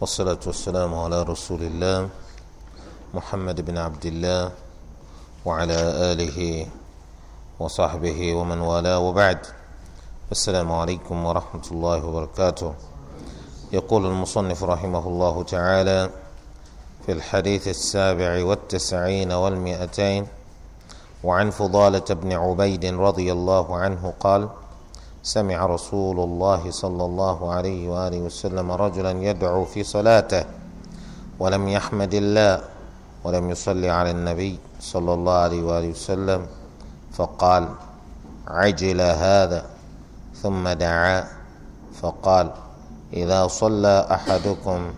والصلاة والسلام على رسول الله محمد بن عبد الله وعلى آله وصحبه ومن والاه وبعد السلام عليكم ورحمة الله وبركاته يقول المصنف رحمه الله تعالى في الحديث السابع والتسعين والمئتين وعن فضالة بن عبيد رضي الله عنه قال: سمع رسول الله صلى الله عليه واله وسلم رجلا يدعو في صلاته ولم يحمد الله ولم يصلي على النبي صلى الله عليه واله وسلم فقال عجل هذا ثم دعا فقال اذا صلى احدكم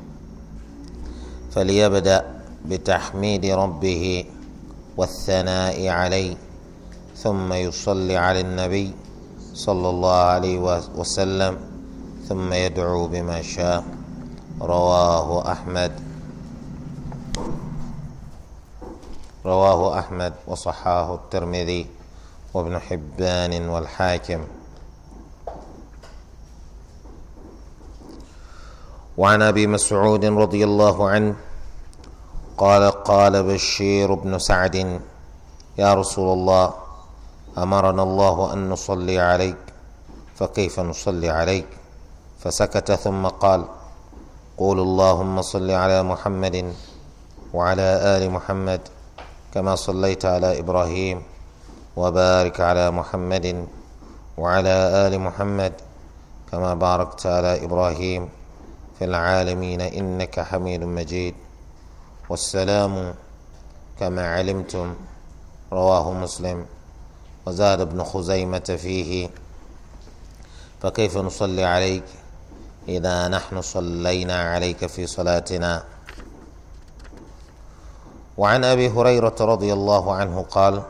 فليبدا بتحميد ربه والثناء عليه ثم يصلي على النبي صلى الله عليه وسلم ثم يدعو بما شاء رواه أحمد رواه أحمد وصحاه الترمذي وابن حبان والحاكم وعن ابي مسعود رضي الله عنه قال قال بشير بن سعد يا رسول الله امرنا الله ان نصلي عليك فكيف نصلي عليك فسكت ثم قال قول اللهم صل على محمد وعلى ال محمد كما صليت على ابراهيم وبارك على محمد وعلى ال محمد كما باركت على ابراهيم في العالمين انك حميد مجيد والسلام كما علمتم رواه مسلم وزاد ابن خزيمة فيه فكيف نصلي عليك إذا نحن صلينا عليك في صلاتنا وعن أبي هريرة رضي الله عنه قال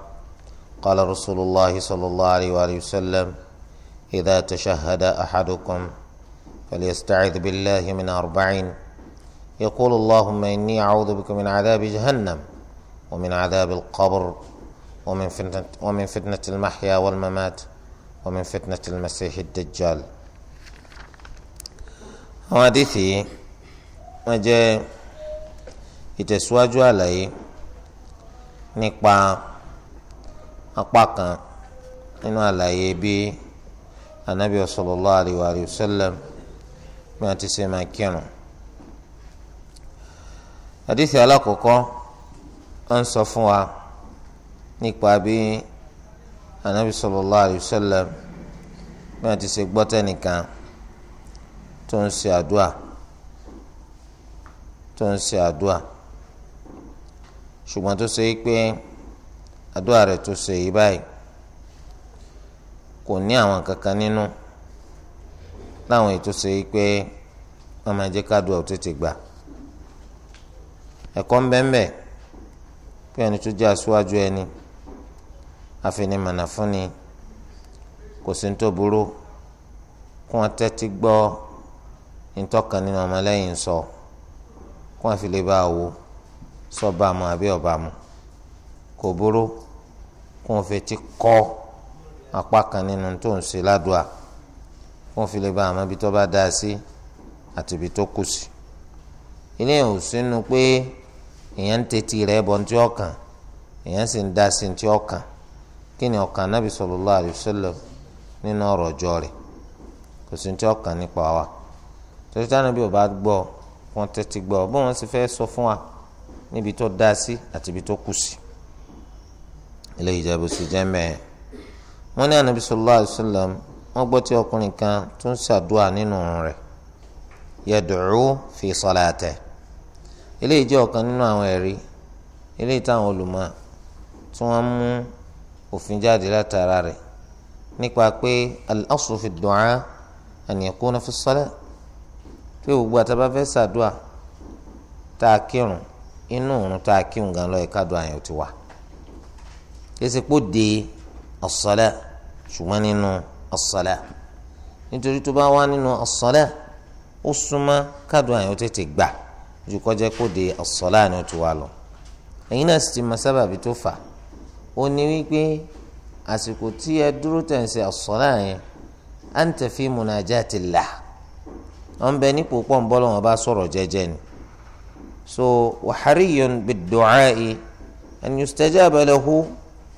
قال رسول الله صلى الله عليه وآله وسلم إذا تشهد أحدكم فليستعذ بالله من أربعين يقول اللهم إني أعوذ بك من عذاب جهنم ومن عذاب القبر ومن فتنة, ومن فتنة المحيا والممات ومن فتنة المسيح الدجال àwọn àdìsí wọn jẹ ìtẹ̀síwájú àlàyé nípa apá kan nínú àlàyé bí anabi sallallahu alayhi wa sallam bí wọn ti ṣe máa kírun àdìsí alákọ̀ọ́kọ́ wọn sọ fún wa nípa bí anabi sallallahu alayhi wa sallam bí wọn ti ṣe gbọ́ tẹnìkan tó ń ṣe àdúà tó ń ṣe àdúà ṣùgbọ́n tó ṣe pé àdúà rẹ̀ tó ṣe yìí báyìí kò ní àwọn kankan nínú láwọn ètò ṣe pé wọn máa jẹ́ kádùá ò tètè gbà ẹ̀kọ́ ń bẹ́ẹ̀ pé ẹni tó jẹ́ aṣíwájú ẹni àfinimọ̀nà fúnni kò sí ní tó burú kí wọ́n tẹ́tí gbọ́ ìtọ́kan nínú ọmọlẹ́yìn sọ kí wọ́n fi lè bá wo sọ́ba mu àbí ọba mu kò burú kí wọ́n fetí kọ́ apá kan nínú tó ń ṣe ládùá kí wọ́n fi lè bá àmọ́ ibi tó bá dáa sí àti ibi tó kù sí ilé ò sínú pé èèyàn ń tẹ́tí rẹ̀ bọ́ ní tí èèyàn sì ń dá sí ní tí kí ni ọkàn anábì sallallahu alaihi wasallam nínú ọ̀rọ̀ ọjọ́ rẹ̀ kò sí tí ọkàn nípa wa torí tí anábì ò bá gbọ́ wọn tẹ́tí gbọ́ bó wọn sì fẹ́ sọ fún wa níbi tó dá sí àti ibi tó kù sí ilé ìjẹ́bù sì jẹ́ mẹ́ẹ̀ wọ́n ní anábì sallallahu alaihi wasallam wọ́n tí ọkùnrin kan tó ń ṣàdúrà nínú rẹ̀ yad'u fi salatihi ilé ìjẹ́ ọ̀kan nínú àwọn ẹ̀rí ilé ìtàn olùmọ̀ tí wọ́n mú òfin jáde látara rẹ̀ nípa pé al-aslu fi du'a an yakuna fi salat pé gbogbo àtàbà fẹ́ sàdúà tá a kírun inú òrùn tá a kírun gan lọ ẹ̀ka dùn àyàn ti wà kése kó de as-salat ṣùgbọ́n nínú as-salat nítorí tó bá wá nínú as ó súnmọ́ kádùn àyàn tètè gbà ju kọjá kó de as-salat ti wà lọ ẹ̀yin náà sì ti mọ sábàbí tó fà á ó ní wípé àsìkò tí ẹ dúró tẹ̀sí àsọ̀rọ̀ yẹn à ń tẹ̀fí munajatillah wọn bẹ nípò pọ̀ ń bọ́lọ̀ wọn bá sọ̀rọ̀ jẹ́jẹ́ ni so wàhárìyàn bid-du'a'i an yustajaba lahu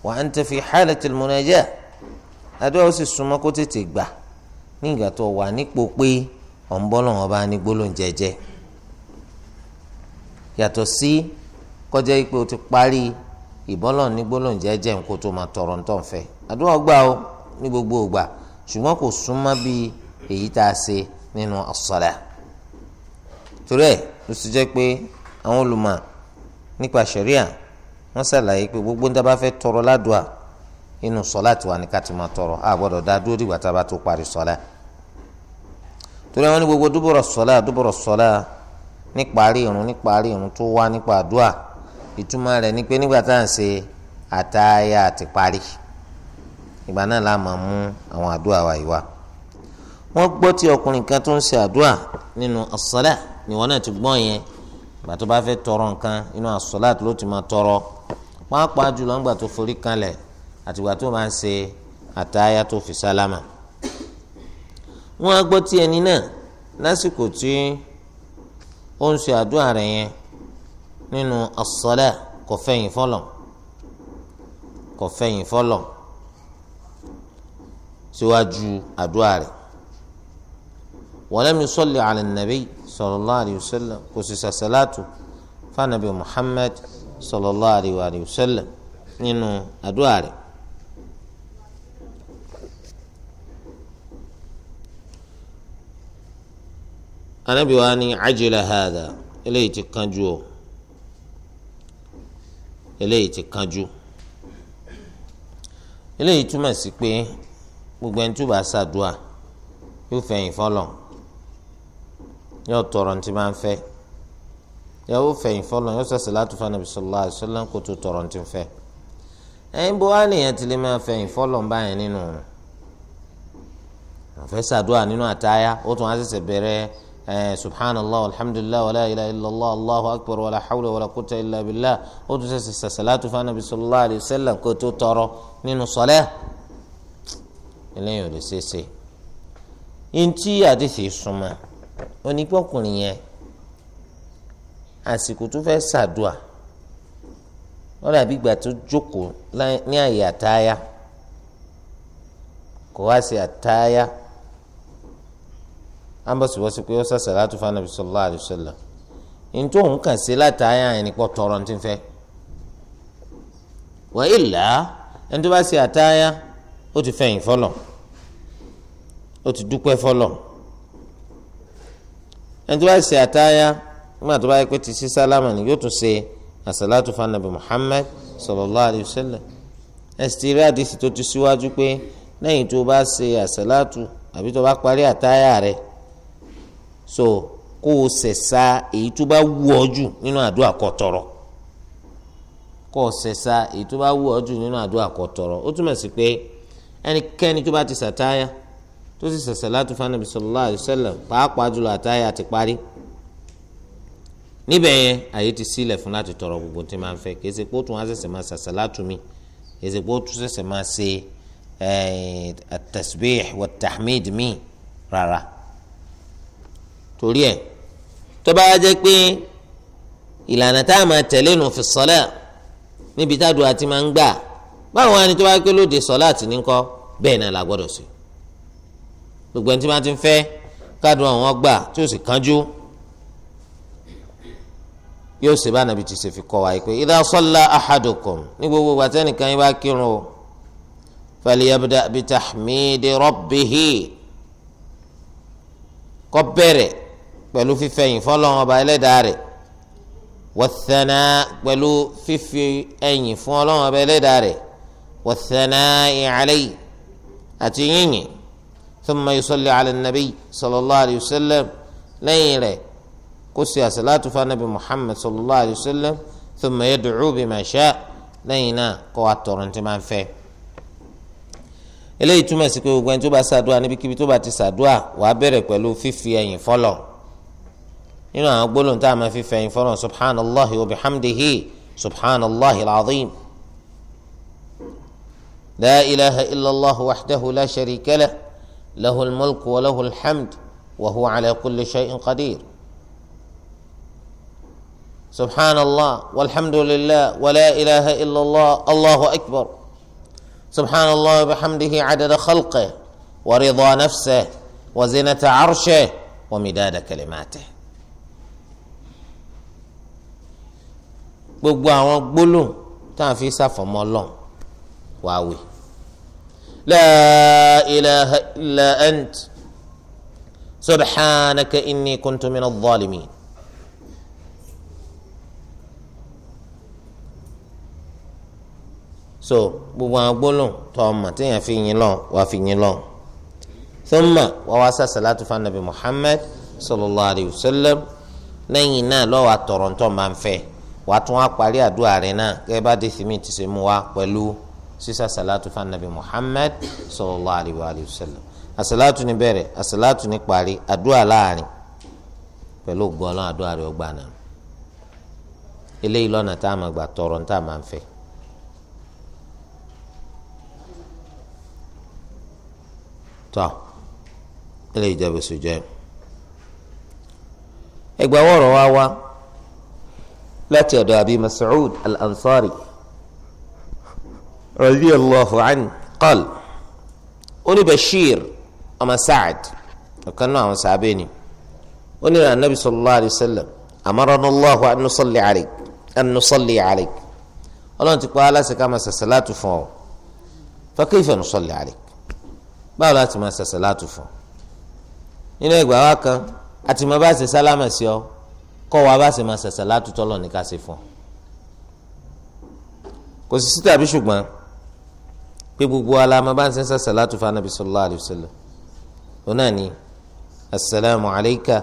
wa anta fi halatil munajah àdúrà ó sì súnmọ́ kó tètè gbà ní ìgbà tó wà nípò pé ọ̀ ń bọ́lọ̀ bá ní gbólóhùn jẹ́jẹ́ yàtọ̀ sí kọjá ipò ti parí ìbọ́lọ̀ ní gbólóhùn jẹ́jẹ́ nǹkó tó máa tọrọ ntọ́ nfẹ́ àdúrà gbà ó ní gbogbo ògbà ṣùgbọ́n kò súnmọ́ bí èyí tá a ṣe nínú ọ̀sọ̀dà torí ẹ̀ ló ti jẹ́ pé àwọn olùmọ̀ nípa ṣẹ̀ríà wọ́n ṣàlàyé pé gbogbo níta bá fẹ́ tọrọ ládùá inú sọ́lá ti wà ní ká ti máa tọrọ a gbọ́dọ̀ dá dúró dìgbà tá a bá tó parí sọ́lá torí àwọn ní gbogbo dúbọ̀rọ̀ sọ́lá dúbọ̀rọ̀ sọ́lá níparí irun níparí irun tó wá nípa àdúrà ìtumọ̀ rẹ̀ ni pé nígbà tá à ń ṣe àtàyà àti parí ìgbà náà la máa mú àwọn àdúrà wa yìí wá. wọ́n gbọ́ tí ọkùnrin kan tó ń ṣe àdúrà nínú àsálà ni wọ́n náà ti gbọ́ yẹn ìgbà tó bá fẹ́ tọrọ nǹkan inú àsálà ló ti máa tọrọ pàápàá jùlọ ńgbà tó forí kanlẹ̀ àtìgbà tó máa ń ṣe àtàyà tó fi sálámà. wọ́n á gbọ́ tí ẹni náà lásìkò tí ó ń ṣe àdúrà rẹ̀ yẹn nínú as-salat kò fẹ̀yìn fọlọ̀ kò fẹ̀yìn fọlọ̀ síwájú àdúrà rẹ̀ walam yusalli ala an-nabi sallallahu alayhi wa sallam kò sì sàṣàlátù fanabi muhammad sallallahu alayhi wa sallam nínú àdúrà rẹ̀. anabi wa ni ajila hada eléyìí ti kanjú o eléyìí ti kanjú eléyìí túmọ̀ sí pé gbogbo ẹni tó bá ṣàdúà yóò fẹ̀yìn fọlọ̀ yóò tọrọ ní ti máa ń fẹ́ yóò fẹ̀yìn fọlọ̀ yóò ṣe salatu fún Ànábì sallallahu alaihi wasallam kó tó tọrọ ní ti fẹ́ ẹ̀yin bó wá nìyẹn ti lè máa fẹ̀yìn fọlọ̀ báyẹn nínú àfẹ́ ṣàdúà nínú àtáyá ó tún á ṣẹ̀ṣẹ̀ bẹ̀rẹ̀ Eh, subhanallah alhamdulilah wala ilaha illallah allahu akbar wala hawla wala quwwata illa billah o tún ṣẹ̀ṣẹ̀ sàṣàlátù fún anabi sallallahu alayhi wa sallam kó tó tọrọ nínú sọlẹ eléyìí ò lè ṣe é ṣe ntí àdìsí súnmọ́ onígbọkùnrin yẹn àsìkò tó fẹ́ ṣàdúà wọn dàbí ìgbà tó jókòó ní àyè àtáyà kò wá sí àtáyà ambọ̀sibọ̀sí pé ó sàṣà láti fún anabi sallallahu alaihi wasallam ntọ́ òun kàn sí látàáyà ẹni pọ̀ tọrọ ní ti fẹ́ wà ilà ẹni tó bá ṣe àtàáyà ó ti fẹ̀yìn fọlọ̀ ó ti dúpẹ́ fọlọ̀ ẹni tó bá ṣe àtàáyà nígbà tó bá yẹ pé ti ṣí sálámà ni yóò tún ṣe àṣàlátù fún anabi Muhammad sallallahu alaihi wasallam ẹsì ti rí àdìsí tó ti síwájú pé lẹ́yìn tó bá ṣe àṣàlátù àbí tó bá parí àtàáyà rẹ̀ so kó o sẹ̀sà èyí tó bá wù ọ́ jù nínú àdúrà kó tọrọ kó o sẹ̀sà èyí tó bá wù ọ́ jù nínú àdúrà kó tọrọ ó túmọ̀ sí pé ẹnikẹ́ni tó bá ti sàtáyà tó sì sẹ̀sẹ̀ láti fanabi sallallahu alaihi wasallam pàápàá jùlọ àtáyà ti parí níbẹ̀ yẹn àyè ti sílẹ̀ fún láti tọrọ gbogbo tí máa ń fẹ́ kì í tún wá sẹ̀sẹ̀ máa sàṣà látùmí kì tún sẹ̀sẹ̀ máa ṣe eh, at-tasbih wa at-tahmid rárá torí ẹ̀ tó bá wá jẹ́ pé ìlànà tá a máa tẹ̀lé nù fi sọ́lá níbi tá a dùn àti máa ń gbà báwọn ẹni tó bá pé lóde sọ́lá àti níkọ́ bẹ́ẹ̀ náà la gbọ́dọ̀ sí gbogbo ẹni tí wọ́n ti ń fẹ́ kádùn àwọn gbà tí ó sì kánjú yóò ṣe bá nàbí ti ṣe fi kọ́ wa yìí pé idha salla ahadukum ní gbogbo gbàtẹ́nìkan yín bá kírun o falyabda' bitahmidi rabbihi kó bẹ̀rẹ̀ pẹ̀lú fífẹ̀yìn fọlọ́n ọba ẹlẹ́dàá rẹ̀ wọ́sẹ̀nà pẹ̀lú fífi ẹ̀yìn fún ọlọ́run ọba ẹlẹ́dàá rẹ̀ wọ́sẹ̀nà ìhàlẹ́yì àti yìnyín thumma yusalli ala nabi sallallahu alayhi wa sallam lẹ́yìn rẹ̀ kó sì àṣàlátù fún anabi muhammad sallallahu alayhi wa sallam thumma yad'u bima sha lẹ́yìn náà kó wa tọrọ tí máa ń fẹ́. eléyìí túmọ̀ sí pé gbogbo ẹni tó bá ṣàdúrà níbikíbi tó bá ti ṣàdúrà wàá bẹ̀rẹ̀ pẹ̀lú fífi ẹ̀yìn fọlọ́n nínú àwọn gbólóhùn tá a máa fi fẹ̀yìn fọlọ́n subhanallahi wa bihamdihi subhanallahi alaazim la ilaha illallah wahdahu la sharika lah lahul mulku wa lahul hamd wa huwa cala kulli shay'in qadir subhana subhanallah walhamdulillah wa la ilaha illallah allahu akbar subhana allah wa bihamdihi cadada khalqe wa rida nafsihi wa zinata carshe wa midada kalimatihi. gbogbo àwọn gbólóhùn tá à ń fi ṣàfọ̀mọ́ Ọlọ́run wàá wè la ilaha illa ant subhanaka inni so gbogbo àwọn gbólóhùn tó ọmọ téèyàn fi yín lọ wàá fi yín lọ thumma wàá wá sá salatu fún anabi Muhammad sallallahu alayhi wa sallam lẹ́yìn náà lọ́wọ́ àtọ̀rọ̀ ntọ́ máa ń fẹ́ wàá tún wá parí àdúrà rẹ náà gẹ́gẹ́ bá dé simi ti ṣe mú wa pẹ̀lú sísá salatu fún anabi muhammed sallallahu alayhi wa sallam asalatu ní bẹ̀rẹ̀ asalatu ní parí àdúrà láàrin pẹ̀lú gbọ́lọ́n àdúrà rẹ ọgbà náà eléyìí lọ́nà tá a máa gbà tọrọ tá a máa ń tọ́ eléyìí jẹ́ bẹ́sẹ̀ jẹ́ ẹgbẹ́ wọ̀rọ̀ wá wá láti ọ̀dọ̀ àbí Mas'ud al-Ansari radiyallahu anhu qal oní Bashir ọmọ Sa'ad ọ̀kan náà àwọn sàbẹ̀ ni oní rẹ̀ anabi sallallahu alayhi wa sallam amarana Allahu an nusalli alayk an nusalli alayk ọlọ́run ti pa aláṣẹ ká máa ṣẹṣẹ láti fún ọ fa kayfa nusalli alayk báwo láti máa ṣẹṣẹ fún ọ nínú ẹgbàá wa kan àti máa bá ṣe sálámà sí ọ kọ́ wa bá sì máa ṣẹ̀ṣẹ̀ látútọ́ lọ ní ká ṣe fún un kò sì sí tàbí ṣùgbọ́n pé gbogbo alamọ bá ń ṣe ṣẹ̀ṣẹ̀ látúfà nàbí sallallahu alayhi wa sallam òun náà ni asalaamu alayka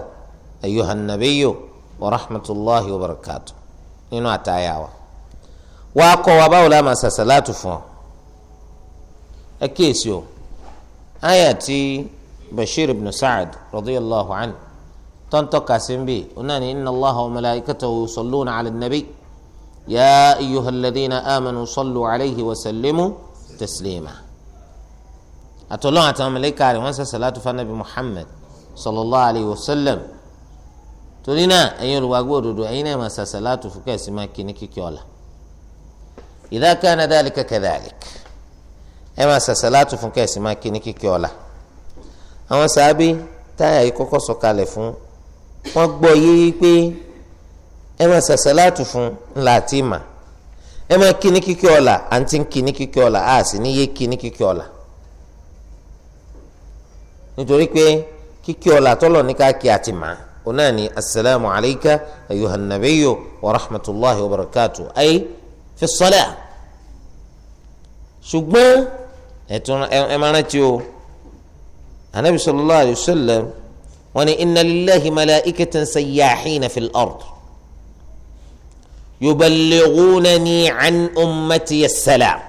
ayuha nabiyo wa rahmatulahi wa barakatu nínú àtàyà wa wá kọ́ wa báwo la ṣẹ̀ṣẹ̀ látú fún ọ ẹ o ayà Bashir ibn Sa'ad radiyallahu anhu tọ́ntọ́ kàṣíńbì onáni inna Allaha wa malaikatahu yusalluna ala nabi ya ayyuhalladhina amanu sallu alayhi wa sallimu taslima àtọ́lọ́wọ́n àtàwọn mẹlẹ́kà rẹ̀ wọ́n ṣe salatu fanabi Muhammad sallallahu alayhi wa sallam torí náà ẹ̀yin olùwàgbọ́ òdodo ẹ̀yin náà máa ṣe salatu fún kẹ́sì máa kí ní kíkí ọ̀la idha kana dhalika kadhalika ẹ̀ máa salatu fún kẹ́sì máa kí ní kíkí ọ̀la àwọn sàábí táyà yìí wọ́n gbọ́ yé wípé ẹ máa ṣẹ̀ṣẹ̀ láti fún ńlá àti ìmà ẹ máa kí ní kíkí ọ̀la àǹtí ń kí ní kíkí ọ̀la a sì ní yé kí ní kíkí ọ̀la nítorí pé kíkí ọ̀la tọ́lọ̀ ní ká kí àti mà òun náà ni asalaamu alayka ayuhan wa rahmatulahi wa barakatu ayi fi sọlá ṣùgbọ́n ẹ máa rántí o anabi sallallahu alayhi wa sallam wọ́n ní inna lillahi malaikatan sayyahina fil ard yuballighunani an ummati as-salam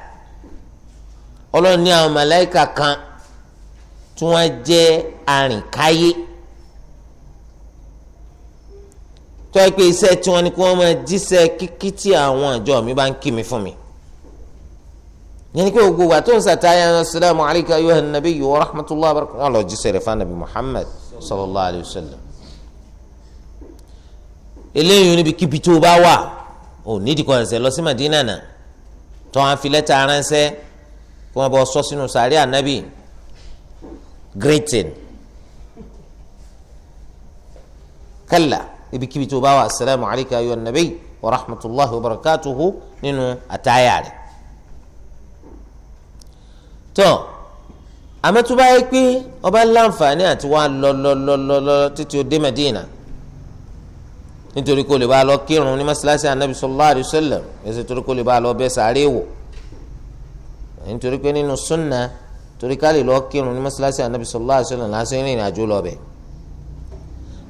ọlọ́run ní àwọn màláìka kan tí wọ́n jẹ́ arìnkáyé tó yẹ pé iṣẹ́ tí wọ́n ní kí wọ́n máa jíṣẹ́ kíkí tí àwọn àjọ mi bá ń kí mi fún mi yẹn ni pé gbogbo wa tó ń sàtáyà assalamu alayka ayyuhan nabiyyu wa rahmatullahi wa lọ jíṣẹ́ rẹ̀ fún anabi muhammad. sallallahu alayhi wa sallam eléyìí níbi kíbi tó bá wà ò nídìí kan ẹsẹ̀ lọ sí Madina náà tó wọn fi lẹ́tà aránṣẹ́ kí wọ́n bọ́ sọ sínú sàárẹ̀ ànábì greeting kalla ibikíbi tó bá wà asalaamu alayka ayo nabi wa rahmatulahi wa barakatuhu nínú àtàyà rẹ̀ tó. So, àmọ́ tó bá yẹ pé ọba láǹfààní àti wà lọ́lọ́lọ́lọ́ títí ó dé Medina nítorí kó lè bá lọ kírun ní masalasi anabi sallallahu alayhi wa sallam ẹsẹ̀ torí kó lè bá lọ bẹ́ sàárè wò nítorí pé nínú sunna torí ká lè lọ kírun ní masalasi anabi sallallahu alayhi lásán ìrìn àjò lọ bẹ̀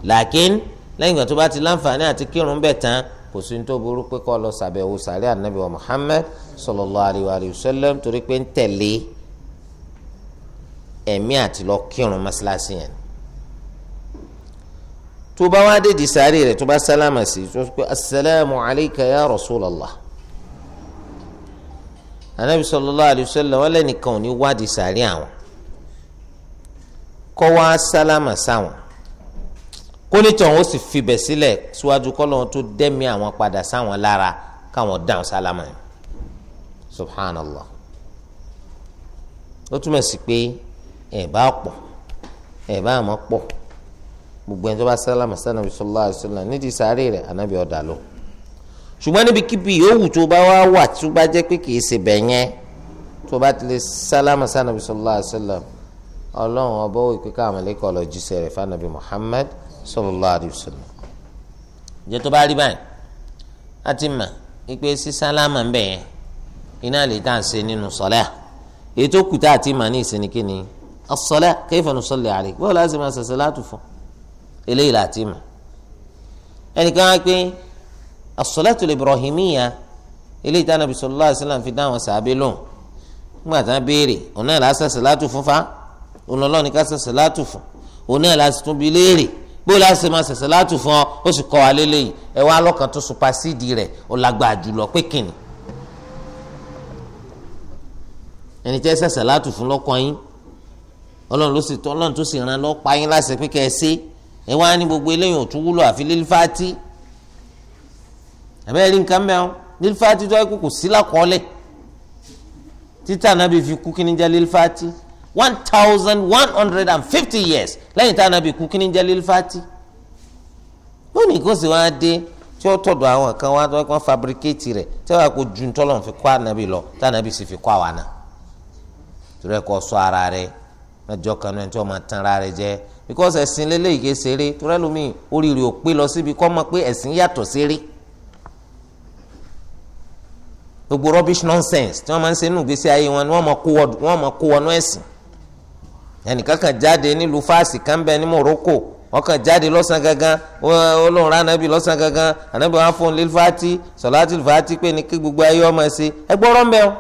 làákín lẹ́yìn ìgbà tó bá ti láǹfààní àti kírun bẹ̀ tán kò sí ní tó burú pé kó lọ sàbẹ̀wò sàárè anabi wa Muhammad sallallahu alayhi torí pé ń tẹ̀lé ẹ̀mí àti lọ kírun mọ́ṣáláṣí yẹn tó bá wá dédìí sáré rẹ̀ tó bá sálámà sí tó sọ pé asalaamu alayka ya rasulallah anabi sallallahu alayhi wa sallam wọ́n lẹ́nìkan ò ní wádìí sáré àwọn kọ́ wá sálámà sáwọn kónítọ̀ ó sì fibẹ̀ sílẹ̀ síwájú kọ́lọ́hún tó dẹ́mi àwọn padà sáwọn lára káwọn dáhùn sálámà subhanallah ó túmọ̀ sí pé ẹ̀ bá pọ̀ ẹ̀ bá àmọ́ pọ̀ gbogbo ẹni tó bá sálámà sànàbí sallallahu alaihi wasallam nídìí sáré rẹ̀ ànábì ọ̀dà lọ. ṣùgbọ́n níbi kíbi yòówù tó bá wá wà tó bá jẹ́ pé kìí ṣe bẹ̀ yẹn tó bá tilẹ̀ sálámà sànàbí sallallahu alaihi wasallam ọlọ́run ọba òwe pé káwọn mọ̀lẹ́kọ̀ lọ jíṣẹ́ rẹ̀ fànàbí Muhammad sallallahu alaihi wasallam. ìjẹ́ tó bá rí báyìí á ti mà wípé sí sálámà ń bẹ̀ yẹn iná lè tà ṣe nínú sọ́lá asọlẹ kéfàánù sọlẹ àlè bọ́ọ̀lù àti sèmà sẹsẹ láti fún eléyìí láti mọ̀ ẹnìkan á pé asọlẹ tó lè Ibrahimiyya eléyìí tá nàbì sọlọ àti sẹlẹm fi dáhùn sàbẹ lóhùn nígbà tá a béèrè òun náà láti sẹsẹ láti fún fa òun lọ́ọ́ ní ká sẹsẹ láti fún òun náà láti tún bi léèrè bóòlù àti sèmà sẹsẹ láti fún ọ ó sì kọ́ wa lélẹ́yìí ẹ wá lọ́kàn tó supasíìdì rẹ̀ ó lágbàá jùlọ pé kìnnì ẹni tẹ́ sẹsẹ láti fún lọ́kàn yín ọlọ́run ló sì tọ́ ọlọ́run tó sì ràn lọ́ pa yín láṣẹ pé kẹ́ ẹ ṣe ẹ wá ní gbogbo eléyìí ò tún wúlò àfi lílfàtì àbẹ́rẹ́ rí nǹkan mẹ́wọ́n lílfàtì tó kù kò sí lákọ́ọ́lẹ̀ títà nàbì fi kú kí ni jẹ́ lílfàtì one thousand one hundred and fifty years lẹ́yìn tá nàbì kú kí ni jẹ́ lílfàtì lónìí kó sì wá dé tí ó tọ̀dọ̀ àwọn kan wá tó wọ́n fabricate rẹ̀ tí wọ́n kó ju ntọ́lọ́n fi kọ́ ànábì lọ tá ànábì sì fi kọ́ àwa náà torí ẹ̀ kọ́ sọ ara rẹ̀ mẹjọ kan náà tí wọn máa tan ara rẹ jẹ because ẹ̀sìn lélẹ́yìí kìí ṣeré torí ẹlòmíì oríire ò pé lọ síbi kọ́ mọ̀ pé ẹ̀sìn yàtọ̀ ṣeré gbogbo rubbish nonsense tí wọn máa ń ṣe nínú ìgbésí ayé wọn ni wọn máa kó wọnú ẹ̀sìn ẹnìkan kan jáde nílùú fásì kan bẹ ní Morocco ọkàn jáde lọ́sàn gangan Ọlọ́run rán anabi lọ́sàn gangan anabi wọn fún lilfati sọláàtì lilfati pé ní kí gbogbo ayé ọmọ ẹ ṣe ẹgbọ́rọ̀ ń bẹ o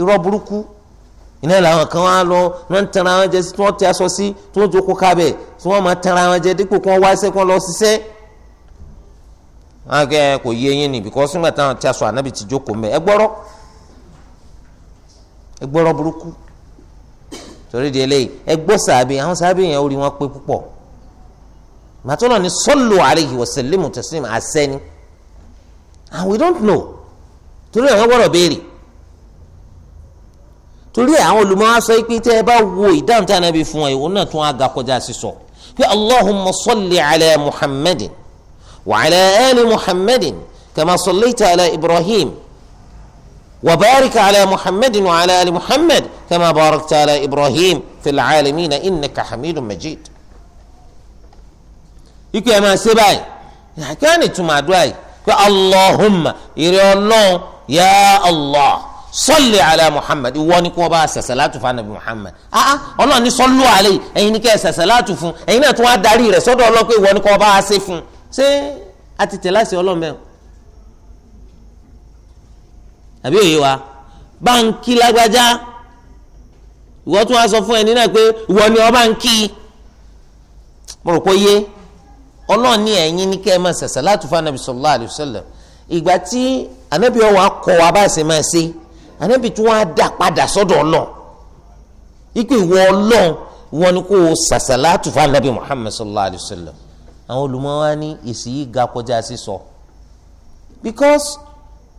irọ́ burúkú iná làwọn kan wá lọ wọn tẹnra wọn jẹ tí wọn tẹ aṣọ sí tí wọn jókòó kábẹ tí wọn máa tẹnra wọn jẹ dípò kí wọn wá iṣẹ́ kí wọn lọ ṣiṣẹ́. wọn kẹ kò yé eyín ni bìkọ́ sígbà táwọn tí aṣọ ànábì ti jókòó mẹ ẹgbọ́rọ́ ẹgbọ́rọ́ burúkú torí di eléyìí ẹgbọ́ sàbí àwọn sàbí yẹn orí wọn pé púpọ̀ màtúnà ni sallu alayhi wa sallimu àṣẹ ni and we don't know torí àwọn gbọ́dọ̀ béèrè torí àwọn olùmọ̀ọ́ sọ pé tẹ́ ẹ bá wo ìdáhùn tí anabi fún ẹ òun náà tún á ga kọjá sísọ pé allahumma salli ala muhammadin wa ala ali muhammadin kama sallaita ala ibrahim wa barika ala muhammadin wa ala ali muhammad kama barakta ala ibrahim fil na innaka hamidun majid. ikú ẹ máa ṣe báyìí kí á ní túmọ̀ àdúrà yìí pé allahumma ìrẹ́ ọlọ́run ya allah. sọlẹ ala muhammad ìwọ ni kò bá sàṣàlátù fún anabi muhammad ah, ah ọlọ́run ní sọlù àlẹ ẹ̀yin ni kẹ sàṣàlátù fún ẹ̀yin náà tún wá darí rẹ̀ sọ́dọ̀ ọlọpẹ ìwọ ni kò bá ṣe fún ṣé a ti tẹ láti ọlọ́run bẹ́ẹ̀ àbí òye wa báńkì lágbájá ìwọ tún wá sọ fún ẹni náà pé ìwọ ni ọba ń kí mo rò pé yé ọlọ́run ní ẹ̀yin ni kẹ máa sàṣàlátù fún anabi sallallahu alaihi wasallam ìgbà tí anabi ọwọ́ akọ wa bá ṣe máa ṣe ànábì tí wọ́n á dà padà sọ́dọ̀ ọlọ́ọ̀ ikú ìwọ ọlọ́ọ̀ wọn ni kò sàṣàlátù fún ànábì Muhammad sallallahu alayhi wa sallam àwọn olùmọ̀ wa èsì yìí ga kọjá sísọ because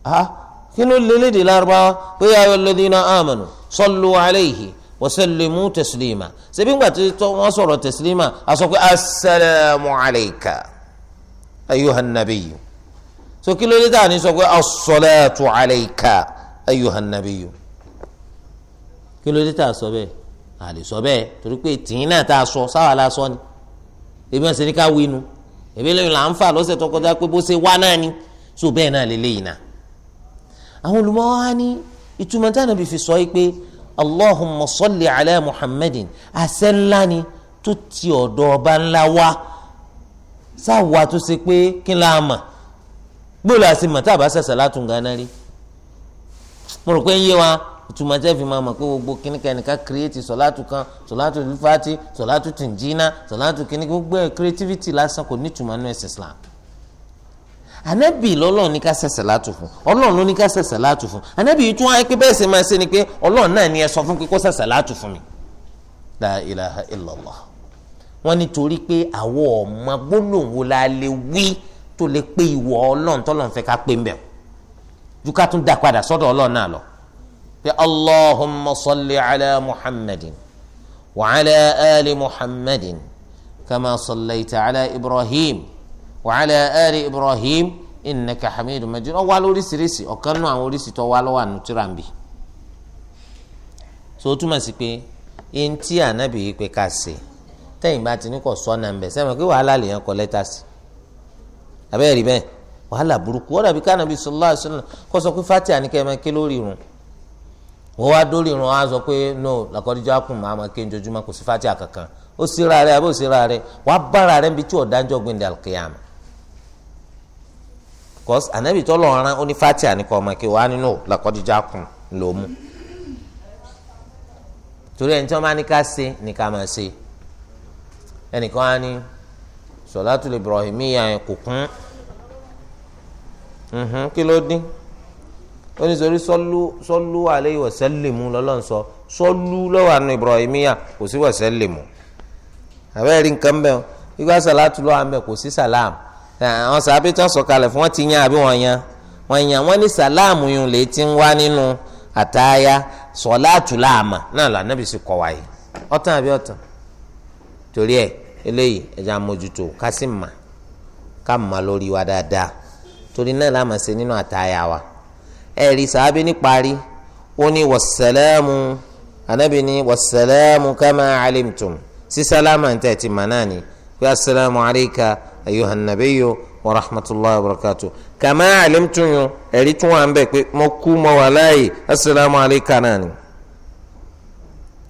ah kí ló lé léde lárúbáwá pé ayọ̀ alladhina amanu sallu alayhi wasalimu tẹsilima ṣebí ngbà tí wọn sọ̀rọ̀ tẹsilima a sọ pé asalaamu alayka ayuha nabiyu so kí ló dé tá a sọ pé asalaatu alayka ayyuhan nabiyyu kí ló dé tá a sọ bẹ́ẹ̀ a lè sọ bẹ́ẹ̀ torí pé tìyín náà tá a sọ sáwà la sọ ni ebi wọn sì ní ká winu ebi lóyún là ń fà lọ́sẹ̀ tó kọjá pé bó ṣe wá náà ni so bẹ́ẹ̀ náà lè léyìn náà àwọn olùmọ̀ wa ní ìtumọ̀ táwọn ibi fi sọ yìí pé allahumma salli ala muhammadin àṣẹ ńlá ni tó ti ọ̀dọ̀ ọba ńlá wá sáwà tó ṣe pé kí n láà mà gbọ́dọ̀ àti mà tá a bá ṣẹ̀ṣẹ̀ látùn gánà mo rò pé ń yé wa ìtumọ̀ tẹ́ fi máa mọ̀ pé gbogbo kíníkà nìkan kírẹ́ẹ̀tì sọ̀látù kan sọ̀látù lufati sọ̀látù tìǹjìnà sọ̀látù kíníkà gbogbo ẹ̀ kírẹ́tìfìtì lásán kò ní ìtumọ̀ nínú ẹ̀sìn Islam anabi lọ́lọ́run ní ká ṣe sàlátù fún Ọlọ́run ló ní ká ṣe sàlátù fún anabi yìí tún wáyé pé bẹ́ẹ̀ ṣe máa ṣe ni pé Ọlọ́run náà ni ẹ sọ fún pé kó ṣe sàlátù fún mi. la ilaha illallah wọn nítorí pé àwọn ọmọ gbólóhùn la lè wí tó lè pé ìwọ Ọlọ́run tỌlọ́run fẹ́ ká pé ń bẹ̀rù ju ká tún dá padà sọ́dọ̀ ọlọ́run náà lọ pé allahumma salli ala muhammadin wa ala ali muhammadin kama sallaita ala ibrahim wa ala ali ibrahim innaka hamidu majid ó wà lóríṣiríṣi ọ̀kan nù àwọn oríṣi tó wà lọ́wọ́ ànútúrà ń bì so ó túmọ̀ sí pé ẹni tí ànábì yìí pé ká ṣe tẹ́yìn bá ti ní kò sọ́nà ń bẹ̀ sẹ́wọ̀n kí wàhálà lè yàn kọ́ lẹ́tà sí abẹ́rẹ́ bẹ́ẹ̀ wàhálà burúkú wọ́n dàbí kánàbí sallallahu alaihi wasallam kó sọ pé fatiha ní kẹ́mẹ́ ké lórí irun wọ́n wá dórí irun wọ́n á sọ pé no làkọ́díjọ́ akùn máa ma ké njojúmọ́ kò sí fatiha kankan ó síra rẹ̀ àbí ó síra rẹ̀ wàá bára rẹ̀ níbi tí ọ̀dájọ́ gbẹ̀ndẹ̀ alkiyama kọ́sì ànábì tọ́lọ̀ ọ̀ràn ó ní fatiha ní kọ́ ọmọ ké wàá nínú làkọ́díjọ́ akùn ló torí ẹni tí wọ́n bá ní ká ṣe ní kí ló dín ó ní sori sọlú sọlú aleyhi wa sẹlẹmù lọlọ́n sọ sọlú lọ́wọ́ àánú ibrahimiya kò sí wa sẹlẹmù àbẹ́ rí nǹkan bẹ́ẹ̀ igba sàlátù lọ́wọ́ àmì kò sí sàlám àwọn sàbí tán sọ̀kalẹ̀ fún wọn ti yan àbí wọn yan wọn yan wọn ní sàlámù yun lè ti ń wá nínú àtàyà sọ̀látù láàmà náà lànàbì sì kọ̀ wáyé ọ̀tàn àbí ọ̀tàn torí ẹ̀ eléyìí ẹ̀jẹ̀ àmójútó kásìmà ká mà lórí wa dáadáa torí náà la máa ṣe nínú àtàyà wa ẹ̀rí sàábí ní parí ó ní wàsálàmù anábì ní wàsálàmù kama alimtum sísálámà ń tẹ̀ ti mà náà ni pé asalaamu alayka ayuha nabiyo wa rahmatulahi wa barakatu kama alimtum yun ẹ̀rí tún wà ń bẹ̀ pé mo kú mo wà láàyè asalaamu alayka náà ni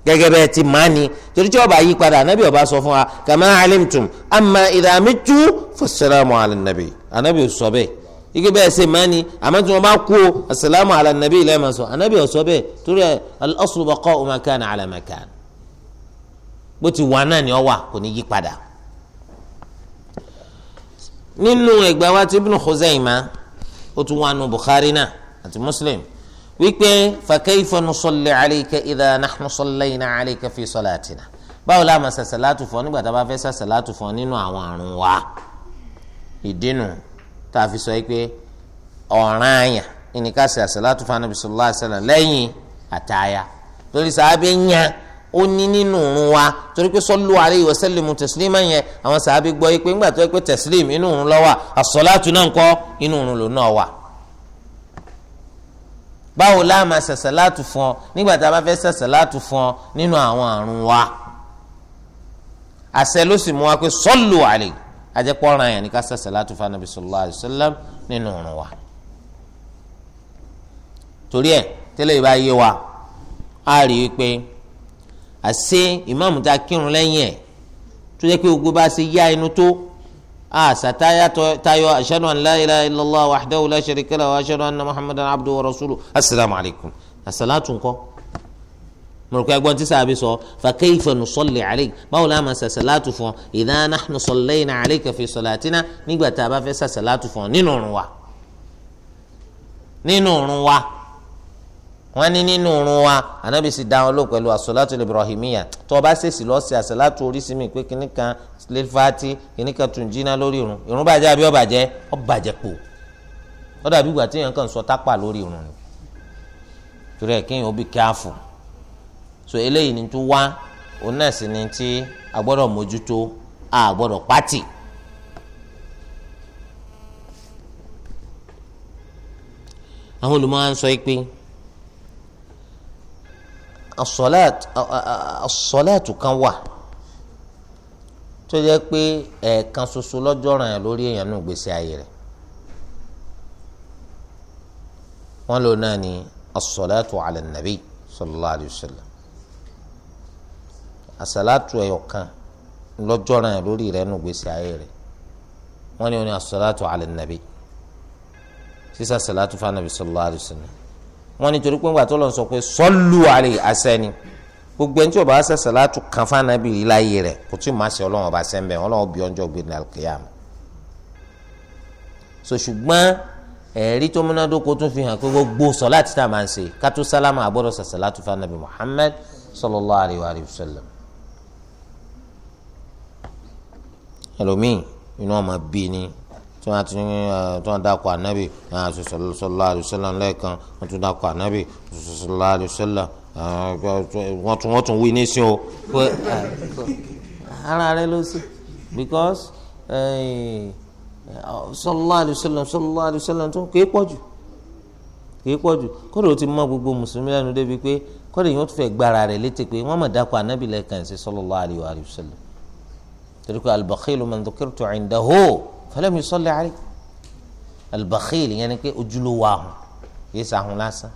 gẹ́gẹ́ bẹ́ẹ̀ ti máa ni torí tí ọba yí padà anabi ọba sọ fún wa kama alimtum amma idha mitu fasalamu ala nabi anabi sọ bẹ́ẹ̀ ike bẹ́ẹ̀ ṣe máa ni àmọ́ tí wọ́n bá kú o asalaamu ala nabi ilẹ̀ ma sọ anabi ọ̀sọ́ bẹ́ẹ̀ torí al-aslu baqa'u ma kana ala ma kana bó ti wà náà ni ọ wà kò ní yí padà. nínú ẹgbẹ́ wa ti ibn Khuzaimah ó tún wà nù Bukhari náà àti Muslim wípé fa kayfa nusalli alayka idha nahnu sallayna alayka fi salatina báwo la ma ṣe salatu fún ọ nígbà tá a bá fẹ́ ṣe salatu fún ọ nínú àwọn àrùn wa ìdínú tá a fi sọ yìí pé ọ̀ràn àyàn ìníkàsí àṣàlátù fún anabi sallallahu alaihi wasallam lẹ́yìn àtàyà torí sàábé yan ó ní nínú òun wa torí pé sallu alaihi wa sallimu taslima yẹn àwọn sàábé gbọ́ yìí pé ńgbà tó yẹ pé taslim inú òun lọ́wọ́ àṣàlátù náà ńkọ́ inú òun lò náà wà báwo la máa fún ọ nígbà tá a bá fẹ́ sàṣàlátù fún ọ nínú àwọn àrùn wa àṣẹ ló sì mú wa pé sallu alaihi ajẹ́pọ̀ràn yẹn ní ká ṣe salatu fa nàbì sallallahu alayhi wa sallam nínú òrùn wa. torí ẹ tẹ́lẹ̀ ìbá yé wa a rí i pé àṣé ìmáàmù tá a kírun lẹ́yìn ẹ̀ tó yẹ pé gbogbo bá ṣe yá inú tó a sàtáyà tayọ ashhadu an la ilaha illallah wahdahu la sharika lahu wa ashhadu anna muhammadan abduhu wa mọ̀rùkọ́ ẹgbọ́n tí sábà sọ fakayfa nusalli alayka báwo la máa sàṣàlátù fún ọ idha nahnu sallayna alayka fi salatina nígbà tá a bá fẹ́ sàṣàlátù fún ọ nínú òrùn wa nínú òrùn wa wọ́n ní nínú òrùn wa anábì sì dá wọn lò pẹ̀lú as-salatu al-ibrahimiyya tó o bá ṣèṣì lọ sí àṣàlátù oríṣi mi pé kìnnìkan lẹ́fàtì kìnnìkan tunjina lórí irun irun bàjẹ́ àbí ọ̀bàjẹ́ ọ̀bàjẹ́ pò ó dàbí ìgbà tí èèyàn kàn sọ tápà lórí irun ni torí ẹ̀ kéèyàn ó bí káfù so eléyìí ni tó wá òun náà sì ni tí a gbọ́dọ̀ mójútó a gbọ́dọ̀ pátì. àwọn olùmọ̀ à ń sọ pé asọ́láàtù kan wà tó jẹ́ pé ẹ̀ẹ̀kan ṣoṣo lọ́jọ́ ràn yàn lórí èèyàn nù gbèsè ayé rẹ̀ wọ́n lò náà ní asọ́láàtù alẹ́ nàbí sallallahu alayhi àsàlátù ẹyọ kan lọ́jọ́ ràn lórí rẹ̀ nù gbèsè ayé rẹ̀ wọ́n ní wọ́n ní àsàlátù alẹ́ nàbí sísá àsàlátù fún anabi sallallahu alaihi wasallam wọ́n ní torí pé ńgbà tó lọ sọ pé sọ́lù alẹ́ àsẹ́ni gbogbo ẹni tí o bá ṣe àsàlátù kan fún anabi láyé rẹ̀ kò tí ì má ṣe ọlọ́run ọba sẹ́ńbẹ̀ ọlọ́run bí ọjọ́ gbé ní alkiyama so ṣùgbọ́n ẹ̀rí tó múnádóko tún fi hàn pé gbogbo sọ láti tá a máa kátó sálámà àgbọ̀dọ̀ sàṣàlátù fún anabi Muhammad sallallahu alaihi wa sallam ẹlòmíì inú ọmọ bíi ni tí wọ́n ti tí wọ́n dákọ ànábì sallallahu alaihi wasallam lẹ́ẹ̀kan wọ́n tún dákọ ànábì sallallahu alaihi wasallam wọ́n tún wọ́n tún wí ní sìn o pé ara rẹ ló sì because sallallahu alaihi wasallam sallallahu alaihi wasallam tó kéé pọ̀ jù kéé pọ̀ jù kódà ó ti mọ gbogbo mùsùlùmí lẹ́nu débi pé kódà yìí wọ́n tún fẹ́ gbára rẹ̀ létí pé wọ́n mọ̀ dákọ ànábì lẹ́ẹ̀kan sí sallallahu alaihi wasallam torí pé al-bakhilu man dhukirtu indahu falam yusalli alayhi al-bakhil yẹn ni pé ojúlówó ahùn yìí sàhùn lásán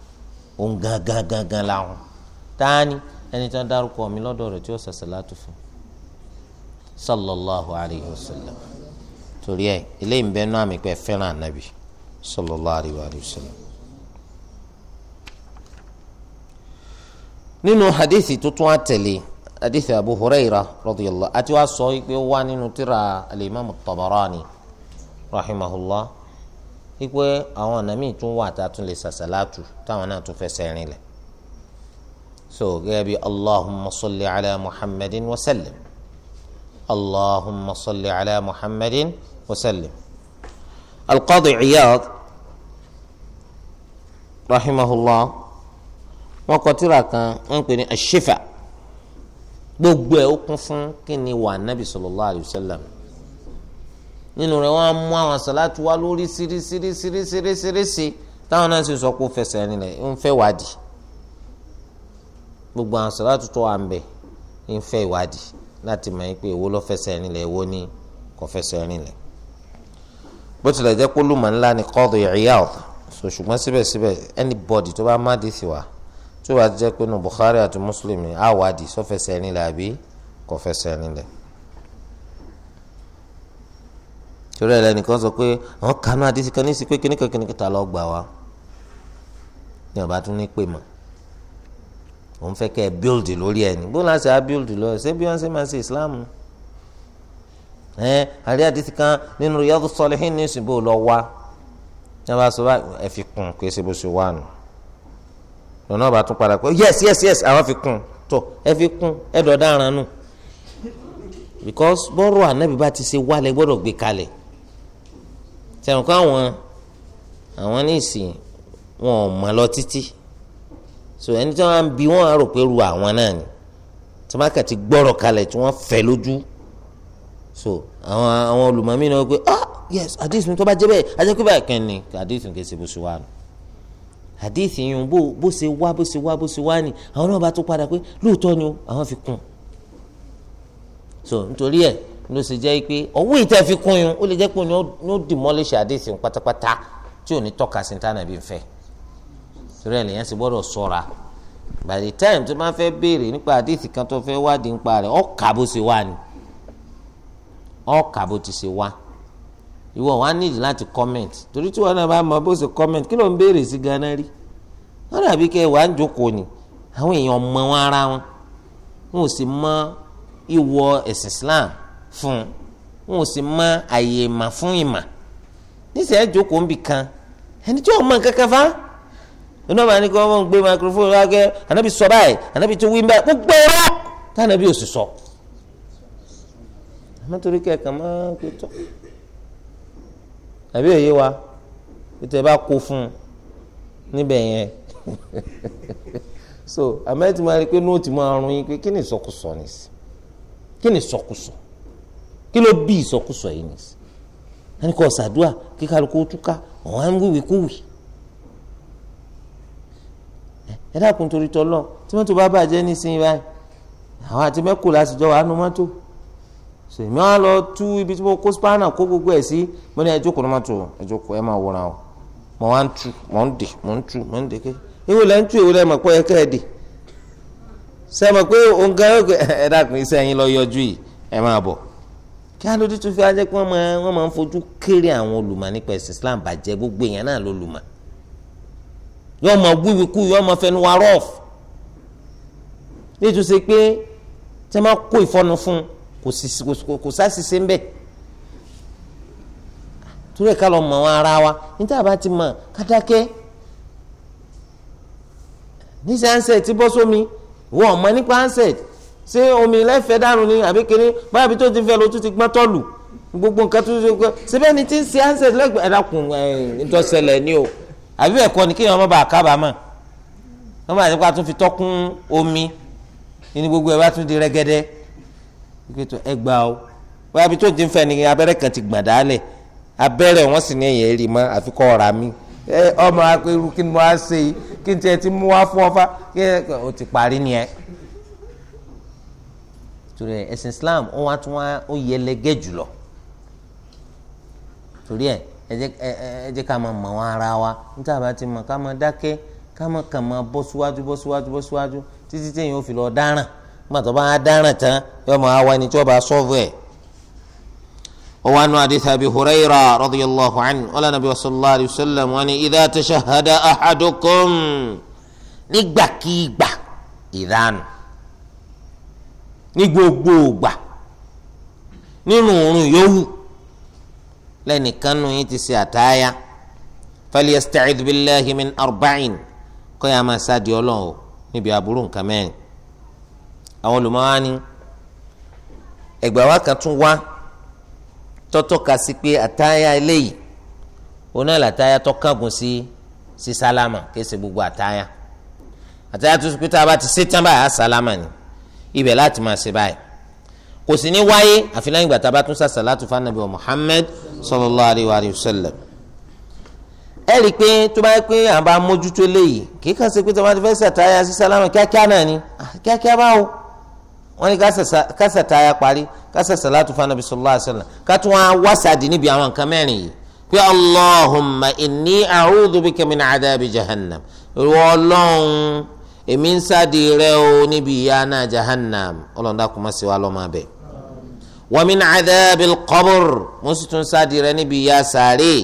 òun gangan gangan làhùn tani ẹni tí wọn dárúkọ mi lọ́dọ̀ rẹ̀ tí ó sẹsẹ láti fún sallallahu alayhi wa sallam torí ẹ ilé ìbẹ náà mi pẹ fẹ́ràn anabi sallallahu alayhi wa sallam. nínú hadithi tuntun àtẹlẹ hadith abu huraira radiyallahu àti wàá sọ wípé ó wá nínú tírà alimami tabarani rahimahullah wípé àwọn ọ̀nà míì tún wà tá a tún lè sàṣàlátù táwọn náà tún fẹsẹ̀ rìn lẹ̀ so gẹ́gẹ́ bí allahumma salli ala muhammadin wa sallim allahumma salli ala muhammadin wa sallim alqadi Iyad rahimahullah wọn kọ tírà kan wọn ń pè ashifa gbogbo ẹ ó kún fún ni wà nábì sallallahu alayhi wa sallam nínú rẹ̀ wọ́n mú àwọn sàlátù wá lórí sírísírísírísírísí táwọn náà sì sọ pé ó fẹsẹ̀ nílẹ̀ ń fẹ́ wádìí gbogbo àwọn sàlátù tó wà ń bẹ̀ ń fẹ́ ìwádìí láti mọ̀ pé èwo ló fẹsẹ̀ nílẹ̀ èwo ni kò fẹsẹ̀ nílẹ̀ bó tilẹ̀ jẹ́ pé olùmọ̀ ńlá ni Qadi Iyad so ṣùgbọ́n síbẹ̀síbẹ̀ anybody tó bá má dì sí wa tí wàá jẹ́ pé nu Bukhari àti Muslim awádìí sọ́fẹsẹ̀ nílẹ̀ àbí kọ́fẹsẹ̀ nílẹ̀ torí ẹ̀ lẹ́nìkan sọ pé àwọn kanú àdìsí kan ní sí pé kíníkan kíníkan ta lọ gbà wá ní ọba tún ní pè mọ́ òun fẹ́ kẹ́ ẹ bíldì lórí ẹ̀ ní bóun láti á bíldì lórí ẹ̀ ṣé bí wọ́n ṣe máa ṣe ìsìláàmù ẹ̀ àrí àdìsí kan nínú Riyadus Salihin ní ìsìnbó lọ wá ní wọ́n bá ẹ fi kún kí ṣe bó ṣe wà nù lọ́nà bá tún padà pé yes yes yes àwọn fi kún tó ẹ fi kún ẹ dọ̀dá ara nù because bọ́rọ̀ ànábì bá ti ṣe wálẹ̀ gbọ́dọ̀ gbé kalẹ̀ sẹ̀rùn kọ́ àwọn àwọn ní ìsìn wọn ò mọ̀ lọ títí so ẹni tí wọ́n á bi wọ́n á rò pé ru àwọn náà ni tí wọ́n kà ti gbọ́rọ̀ kalẹ̀ tí wọ́n fẹ́ lójú so àwọn àwọn olùmọ̀mí náà wọ́n pé ah yes àdìsùn tó bá jẹ́ bẹ́ẹ̀ ajẹ́kùbẹ́ kẹ́ni àdìsùn kẹ́sì bó ṣe wà nù hadith yìí bó bó ṣe wá bó ṣe wá bó ṣe wá ni àwọn náà bá tó padà pé lóòótọ́ ni o àwọn fi kún so nítorí ẹ ló ṣe jẹ́ pé ọ̀wọ́ ìtẹ́ fi kún yín ó lè jẹ́ pé ní ó demolish hadith yìí pátápátá tí ò ní tọ́ka sí tánà bí n fẹ́ torí ẹ̀ lèyàn sì gbọ́dọ̀ sọ́ra by the time tó máa fẹ́ béèrè nípa hadith kan tó fẹ́ wádìí nípa rẹ̀ ó kà bó ṣe wá ni ó kà bó ti ṣe wá ni ìwọ wàá need láti comment torí tí wọn náà bá mọ bó ṣe comment kí ló ń béèrè sí ganan rí wọn dàbí kẹ wàá jókòó ni àwọn èèyàn mọ wọn ara wọn wọn ò sì mọ ìwọ ẹ̀sìn Islam fún wọn ò sì mọ àyè ìmà fún ìmà níṣẹ́ jókòó níbì kan ẹni tí wọn mọ kankan fáá inú ọba ni kí wọn gbé microphone wá kẹ anabi sọ báyìí anabi tún wí báyìí gbogbo ẹ̀rọ tànàbí ò sì sọ àmọ́ torí kẹkàn máa ń pè tọ àbí òye wa ètò ẹ bá kó fún un níbẹ̀ yẹn so àmọ́ ẹ ti máa rí i pé nóòtì máa rún yín pé kí ni ìsọkúsọ ni sí kí ni ìsọkúsọ kí ló bí ìsọkúsọ yìí ni sí ẹni kò ṣàdúrà kí kálukú túká ọ̀hún á ń wíwèé kúwèé ẹ dákun torí tọ́lọ́ tí mọ́tò bá bàjẹ́ nísìnyí báyìí àwọn àti mẹ́kù láti jọ wà á nu mọ́tò so èmi wọn lọ tú ibi tí mo kó spanner kó gbogbo ẹ̀ sí mo ní ẹjọ́ kò ní ma tó ẹjọ́ kò ẹ máa wọra o mo wá ń tú mo ń dè mo ń tú mo ń dè ké ewu lẹ́ ń tú ewu lẹ́ mọ̀ pé ẹ kẹ́ ẹ dè sẹ́ mọ̀ pé òǹkà ẹ dàkùn iṣẹ́ yín lọ yọjú yìí ẹ máa bọ̀ kí alódé tó fi ajẹ́ pé wọ́n máa wọ́n máa ń fojú kéré àwọn olùmọ̀ nípa ẹ̀sìn Islam bàjẹ́ gbogbo èèyàn náà ló lùmọ̀ yọ́ọ́ máa wíwí kú yọ́ọ́ máa fẹnu wa rọ́ọ̀f nítorí pé tẹ́ máa kó ìfọ́nu fún un kò sásìse ń bẹ torí ẹ̀ ká lọ mọ̀ wọn ara wa níta bá ti mọ̀ kátákẹ́ níṣẹ́ ansẹ̀t ti bọ́ sómi wọ́n mọ̀ nípa ansẹ̀t ṣé omi lẹ́fẹ̀ẹ́ dànù ni àbí kínní báyà bí tó ti fẹ́ lo tó ti gbọ́n tọ́lù gbogbo nǹkan tó ti gbọ́n síbẹ̀ ni ti ń ṣe ansẹ̀t lẹ́gbẹ̀ẹ́ ẹ̀dàkùn ìtọ́sẹ̀lẹ̀ ni o àbí ẹ̀kọ́ ni kéèyàn má bàa kábàámọ̀ wọ́n bá nípa tó fi tọ́kún omi ni gbogbo ẹ̀ bá tún di rẹ́gẹ́dẹ́ ìgbẹ́tọ̀ ẹ gbà ó wọ́n yàbí tó ti ń fẹ́ ni abẹ́rẹ́ kan ti gbọ̀n dálẹ̀ abẹ́rẹ́ wọn sì ní ẹ̀yẹ́ rí mọ́ àfikọ́ ọ̀rá mi ẹ ọmọ akérò kí ni mo á ṣe yìí kí n tiẹ̀ ti mú wá fún ọfá kí ẹ o ti parí ni ẹ. torí ẹ ẹ̀sìn Islam ó wá tún wá ó yẹlẹgẹ́ jùlọ torí ẹ ẹ jẹ́ ká máa mọ̀ wọn ara wa níta bá ti mọ̀ ká máa dákẹ́ ká máa kàn máa bọ́ síwájú bọ́ síwájú bọ́ síwájú títí téèyàn ò fi lọ dáràn gbàtọ́ bá dáràn tán yóò máa wá ẹni tí wọ́n bá sọ́ọ̀bù ẹ̀. وعن حديث أبي هريرة رضي الله عنه قال النبي صلى الله عليه وسلم وأن إذا تشهد أحدكم nígbàkigbà ìdánu ní gbogbo ìgbà nínú òórùn yòówù lẹ́nìkan nù yín ti ṣe àtáyà فليستعذ بالله من أربعين kó yá máa ṣáàdì ọlọ́run níbi aburú nǹkan mẹ́rin àwọn olùmọ̀ọ́ ni ẹgbẹ́ wa kan tún wá tọ́tọ́ ka sí pé àtayá eléyìí oná làtayá tọ́kàgùn sí sí sálámà kése gbogbo àtayá àtayá tó sùkúta bá ti sétan báyìí á sálámà ni ibẹ̀ láti máa ṣe báyìí kò sì ní wáyé àfi lẹ́yìn ìgbà tá tún sàṣà láti fa nàbẹ̀ Muhammad sallallahu alayhi wa sallam ẹ rí i pé tó bá yẹ pé à ń bá mójútó léyìí kì í kàn sí pé tó bá ti fẹ́ sàtáyà sí sálámà kíákíá náà ni kíákíá báwo wọ́n ní kásà táyà parí kásà salatu fún anabi sallallahu alayhi wa sallam kátó wọn wásàdì níbi àwọn nǹkan mẹ́rin yìí pé allahumma inni a'udhu bika min adabi jahannam ìwọ ọlọ́run èmi ń sáàdì rẹ o níbi ìyà náà jahannam ọlọ́run dákun má ṣe wá lọ́mọ abẹ. wa min adabil qabr mo sì tún sáàdì rẹ níbi ìyà sàárè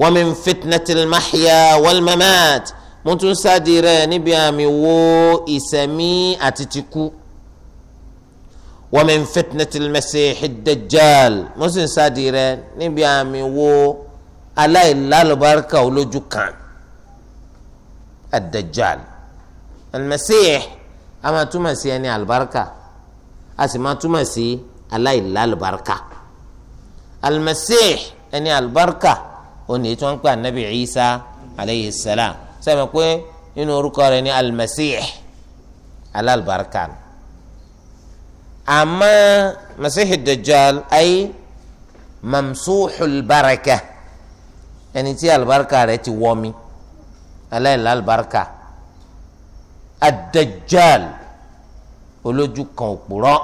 wa min fitnatil mahya wal mo tún sáàdì rẹ níbi àmì wo ìṣẹ̀mí àti tìkú wa min fitnatil masiihi dajjal mọ́sìn sáàdì rẹ níbi àmì wo aláìlálùbáríkà olójú kan ad-dajjal al-masih a máa túmọ̀ sí ẹni àlùbáríkà a sì máa túmọ̀ sí aláìlálùbáríkà al-masih ẹni àlùbáríkà òní tí wọ́n ń pè anabi Isa aleyhi salam sẹ́mi pé nínú orúkọ rẹ̀ ní al-masih alálùbáríkà àmọ́ masihi dajjal ayé mamsuhul baraka ẹni tí alibarika rẹ̀ ti wọ́ mi aláìlá alibarika adajjal olójú kan òpùrọ́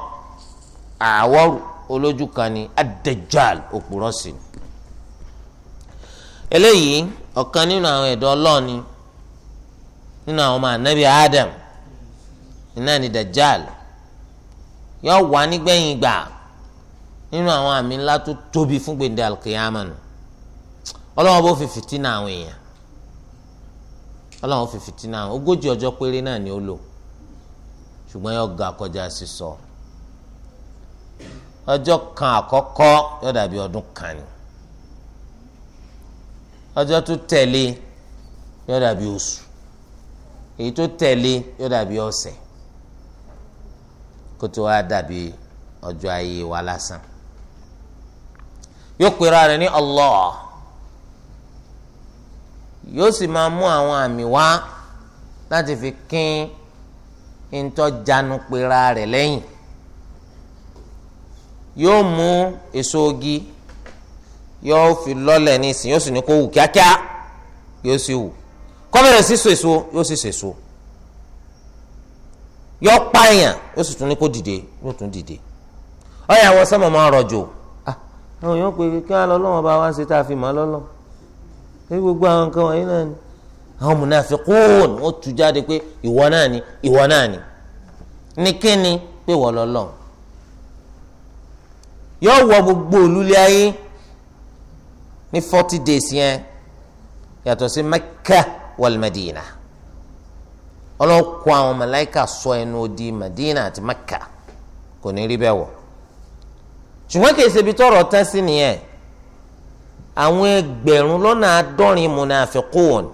àwọrù olójú kan ni adajjal òpùrọ́ sí ni eléyìí ọ̀kan nínú àwọn ẹ̀dọ́ ọlọ́ọ̀ni nínú àwọn ọmọ anabi adam iná ni dajjal yóò wà nígbẹ̀yìn ìgbà nínú àwọn àmì ńlá tó tóbi fún gbèndé alkiyama nù ọlọ́wọ́n bó fi àwọn èèyàn ọlọ́wọ́n fi fìtínà ogójì ọjọ́ péré náà ni ó lò ṣùgbọ́n yóò ga kọjá sísọ ọjọ́ kan àkọ́kọ́ yóò dàbí ọdún kan ni ọjọ́ tó tẹ̀lé yóò dàbí oṣù èyí tó tẹ̀lé yóò dàbí ọ̀sẹ̀ kó tó dàbí wa lásán yóò pera rẹ̀ ní Allah yóò sì máa mú àwọn àmì wá láti fi kín ntọ́janu pera rẹ̀ lẹ́yìn yóò mú èso ogi yóò fi lọ́lẹ̀ nísìnyí yóò sì ní kó wù kíákíá yóò sì wù kọ́bẹ̀rẹ̀ sí sèso yóò sì sèso. So yọ pààyàn ó sì tún ní kó dìde yóò tún dìde ọyà wọn sọmọ máa rọ̀jò ah, àwọn èèyàn pé kí wọn lọ lọ́wọ́ bá wá ṣe tá a fi mọ lọlọ pé gbogbo àwọn nǹkan wọ̀nyí náà ni àwọn munafiqun wọn tú jáde pé ìwọ náà ni ìwọ náà ni ní kíni pé wọ́n lọ lọ wọ gbogbo olúlé ayé ní forty days yẹn yàtọ̀ sí Mẹ́kà wal Madina ọlọ́kọ àwọn màláìka sọ ẹnu odi Madina àti Makka kò ní rí bẹ́ẹ̀ wọ̀ ṣùgbọ́n kì í ṣe ibi tọrọ tán sí nìyẹn àwọn ẹgbẹ̀rún lọ́nà àádọ́rin munafiqun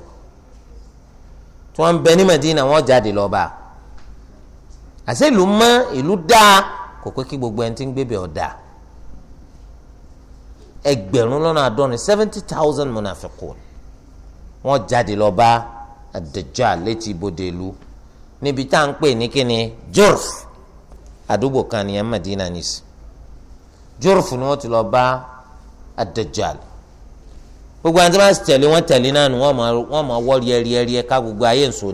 tí wọ́n ń bẹ ní Madina wọ́n jáde lọ́ba àṣẹ ìlú mọ́ ìlú dáa kò pé kí gbogbo ẹni tí ń gbébẹ̀ ọ̀dà ẹgbẹ̀rún lọ́nà àádọ́rin seventy thousand munafiqun wọ́n jáde lọ́ba ad-Dajjal létí ibodè ìlú níbi tá à ń pè ní kíni Jurf àdúgbò kan ní Madina nìsí Jurf ni wọ́n ti lọ bá ad-Dajjal gbogbo àwọn tí wọ́n ti tẹ̀lé wọ́n tẹ̀lé náà ni wọ́n máa wọ́ riẹ́riẹ́riẹ́ ká gbogbo ayé ń sọ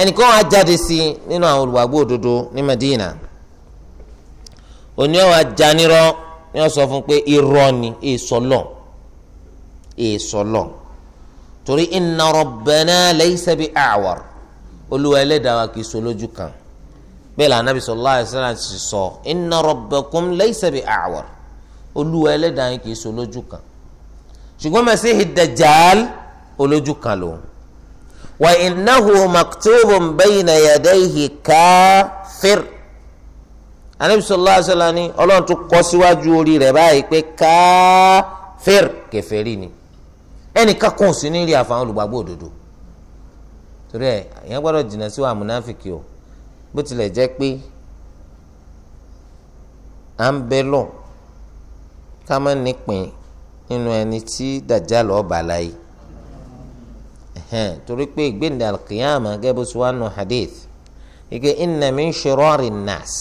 ẹnìkan wá jáde sí nínú àwọn olùwàgbọ́ òdodo ní Madina òní ọ̀wá janirọ́ ni wọ́n sọ fún pé irọ́ ni èèsọ̀ lọ èèsọ̀ lọ torí inna rabbana laysa bi a'war olúwa ẹlẹ́dàá wa kì í so lójú kan bẹ́ẹ̀ la anabi sallallahu alayhi wa sallam ti sọ inna rabbakum laysa bi a'war olúwa ẹlẹ́dàá yín kì í so lójú kan ṣùgbọ́n masihi dajjal olójú kan lòun wa innahu maktubun bayna yadayhi káfír anabi sallallahu alayhi wa sallam ni ọlọ́run tún kọ síwájú orí rẹ̀ báyìí pé káfír kèfèrí ni ẹnìkan kún sí ní rí àfàwọn olùgbàgbọ́ òdodo torí ẹ ìyẹn gbọ́dọ̀ jìnnà sí wa múnáfìkì o bó tilẹ̀ jẹ́ pé à ń bẹ lọ ká má nípìn nínú ẹni tí dàjà lọ́ọ́ bà láyé torí pé ìgbéǹde alkiyama gẹ́gẹ́ bó ti wá nù hadith ike inna min shirari nas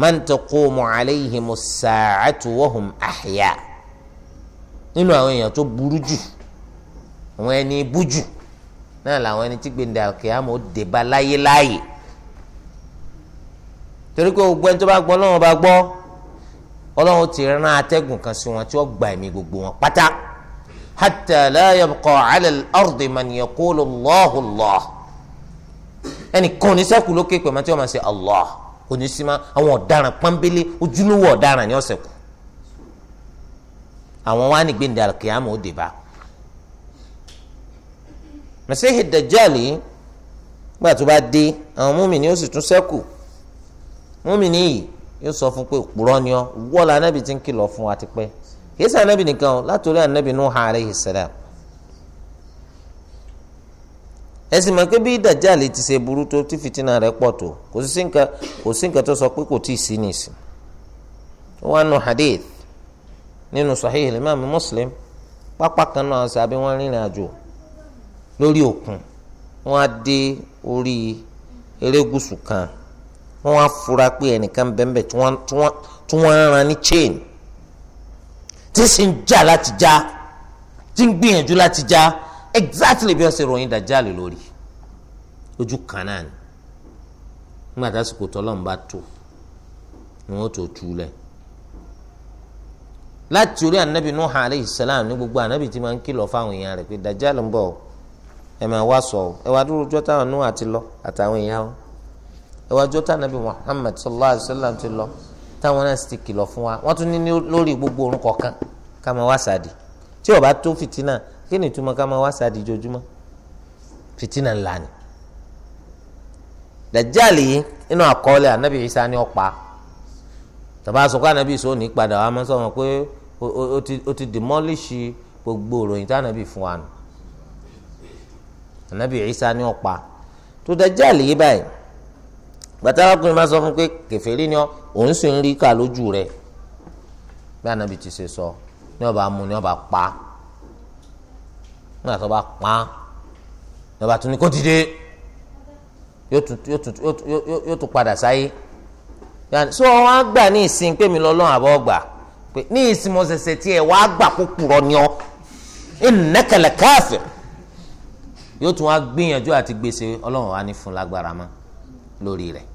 man taqumu alayhimu as-sa'atu wa hum ahya nínú àwọn èèyàn tó burú jù àwọn ẹni bú jù náà làwọn ẹni tí gbèǹdà kìámọ dé bá láyé láàyè torí pé gbogbo ẹni tó bá gbọ́ ọlọ́run bá gbọ́ ọlọ́run ti rán atẹ́gùn kan sí wọn tí wọ́n gba ẹ̀mí gbogbo wọn pátá hatta la yabqa ala al-ardi man yaqulu Allahu Allah ẹnì kan ní sẹ́kù lókè pẹ̀mọ́ tí wọ́n máa ṣe Allah onísìmá àwọn ọ̀daràn pọ́nbélé ojúlówó ọ̀daràn ni ọ̀sẹ̀kù àwọn wá ní gbẹ̀ndẹ̀ àlùkìyàmù ó dé bá Masihi Dajjali gbà tó bá dé àwọn múmìnì ó sì tún sẹ́kù múmìnì yìí yóò sọ fún pé òpùrọ́ ni ọ wọ́ọ̀lù anábì ti ń kìlọ̀ fún wa ti pẹ́ kìí sẹ́ anábì nìkan látòrí anábì Nuh alayhi salam ẹsìn mọ̀ pé bí Dajjali ti ṣe burú tó tí fìtínà rẹ̀ pọ̀ tó kò sí nǹkan tó sọ pé kò tí ì sí nìsín ó wà nù hadith nínú sahih imam muslim pápá kan náà sàbí wọ́n rìnrìn àjò lórí òkun wọ́n á dé orí erégùsù kan wọ́n á fura pé ẹnìkan bẹ́ẹ̀ tí wọ́n ń ran ní chain tí sì ń jà láti já tí ń gbìyànjú láti já exactly bí wọ́n ṣe ròyìn dàjálè lórí ojú kan náà ni nígbà tásìkò tọ́lọ́mùbá tó ni wọ́n tó tú lẹ́yìn láti orí anabi nuhu alayhi salam ní gbogbo anabi tí máa ń kìlọ̀ fáwọn èèyàn rẹ̀ pé dajjal ń bọ̀ ẹ máa wá sọ ẹ wá dúró ọjọ́ táwọn nuhu àti lọ àtàwọn èèyàn wọn ẹ wá ọjọ́ táwọn anabi muhammad sallallahu alayhi salam ti lọ táwọn náà sì ti kìlọ̀ fún wa wọ́n tún ní lórí gbogbo orun kọ̀ọ̀kan ká máa wá sáàdì tí ó bá tó fìtínà kí ni ìtumọ̀ ká máa wá sáàdì jojúmọ́ fìtínà ńlá ni dajjal yìí inú àkọọ́lẹ̀ anabi isa ni ó ó ti demolish gbogbo ìròyìn tí anabi fún wa nù anabi Isa ni ó pa tó Dájálì yìí báyìí gbàtàrà ọkùnrin máa sọ fún pé kèfèrí ni ọ òun sì ń rí ká lójú rẹ bí anabi ti ṣe sọ ní ọba mu ní ọba pa nígbà tó bá pa ní ọba tún ní kó dìde yóò tún padà sáyé so wọn á gbà ní ìsìn pé mi lọ lọ́run àbọ̀ gbà pé ní ìsìnmọ̀ tí ẹ̀ wàá gbà kó ni ọ́ ìnẹ́kẹ̀lẹ̀ káfíìn yóò tún wá gbìyànjú àti gbèsè ọlọ́run wa ní fún lágbára mọ́ lórí rẹ̀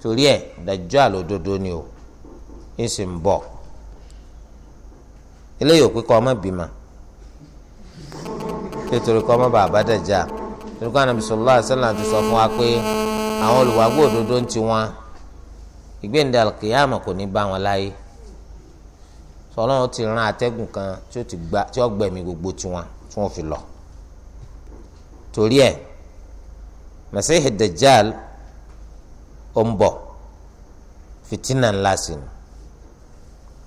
torí ẹ̀ Dajjal òdodo ni o ń sì ń bọ̀ eléyìí ò pé kọ́ ọmọ bímọ nítorí kọ́ ọmọ bàbá Dajjal torí kọ́ Ànábì sallallahu alaihi ti sọ fún wa pé àwọn olùwàgbọ́ òdodo ń tiwọn ìgbéǹde àlùkìyàmọ̀ kò ní bá wọn láyé sọlọ́run ó ti ran atẹ́gùn kan tí ó ti gba tí ó gbẹ̀mí gbogbo tiwọn tí wọ́n fi lọ. torí ẹ̀ Masihi Dajjal ó ń bọ̀ fìtínà ńlá sí ni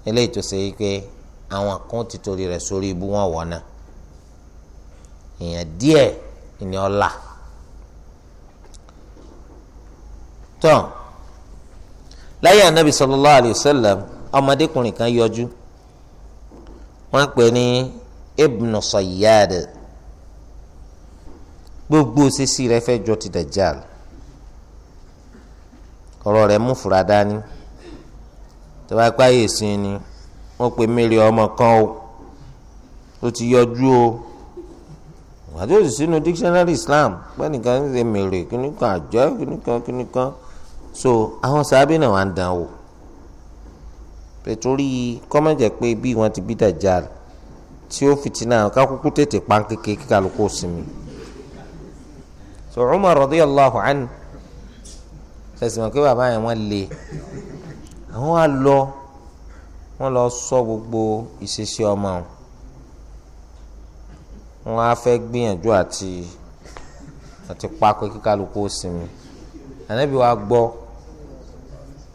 eléyìí tó ṣe pé àwọn kan ti torí rẹ̀ sórí ibú wọn wọ̀ náà èèyàn díẹ̀ ni ọ̀la tán lẹ́yìn anabi sallallahu alayhi wa sallam ọmọdékùnrin kan yọjú wọ́n pè ní ibnu Sayyad gbogbo sisi rẹ̀ fẹ́ jọ ti Dajjal ọ̀rọ̀ rẹ̀ mú fura dání tó bá pa ayé sin ni wọ́n pè mẹ́rin ọmọ kan o ó ti yọjú o àti òsì sínú dictionary Islam pẹ́ẹ́nìkan ń ṣe mẹ́rin kìnnìkan àjọ kìnnìkan kìnnìkan so àwọn sábẹ́ náà wà ń dán o pé torí kọ́mọ̀jẹ̀ pé bí wọ́n ti bí dajjal tí ó fìtínà kákúkú tètè pa kéke kíkàlùkù sinmi. so Umar radiyallahu anhu sẹ̀sìn mọ̀ pé bàbá yẹn wọ́n le àwọn á lọ wọ́n lọ sọ gbogbo ìṣesí ọmọ wọn wọ́n á fẹ́ gbìyànjú àti àti pa kéke kíkàlùkù sinmi ànábì wa gbọ́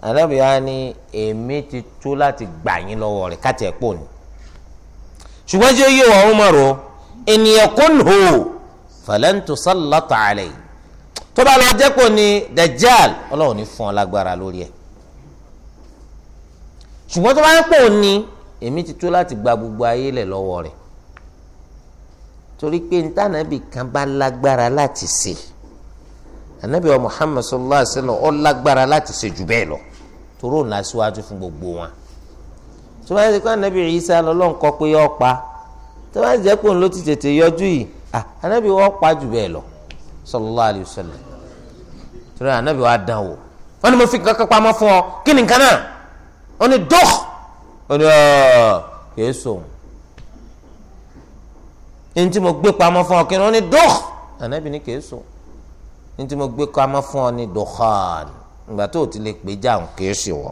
anabi wa ni èmi ti tó láti gbà yín lọ́wọ́ rẹ̀ káàtì ẹ̀ pò ní. ṣùgbọ́n ṣé yóò wọ́n mọ̀ rò ènìyàn kò ń hò fàlẹ́ǹtò sálọ́tà àlẹ́ yìí tó bá lọ jẹ́pọ̀ ní dajjal ọlọ́run ní fún ọ lágbára lórí ẹ̀. ṣùgbọ́n tó bá yẹ pò ní èmi ti tó láti gba gbogbo ayé lẹ̀ lọ́wọ́ rẹ̀ torí pé ntànàbì kan bá lágbára láti ṣe anabi wa muhammad sallallahu alaihi wa sallam ọ lágbára láti ṣe jù bẹ́ẹ̀ lọ tóró ńlá síwájú fún gbogbo wọn tó bá yẹ kó anabi Isa lọ́lọ́run kọ́ pé yọ pa tó bá jẹ́ pé òun ló ti tètè yọjú yìí anabi wọ́n pa jù bẹ́ẹ̀ lọ sallallahu alayhi wa sallam tó rẹ anabi wàá dán wò wọ́n ní mo fi kankan pamọ́ fún ọ kí ni nǹkan náà ó ní dọ́ọ̀ ni ní ọ̀ọ́ kìí sòun ní tí mo gbé pamọ́ fún ọ kí ni ó ní dọ́ọ̀ anabi ní kìí sòun ní tí mo gbé pamọ́ fún ọ ní dọ́ọ̀kan ìgbà tó o ti lè pè já òun kìí ṣe wọ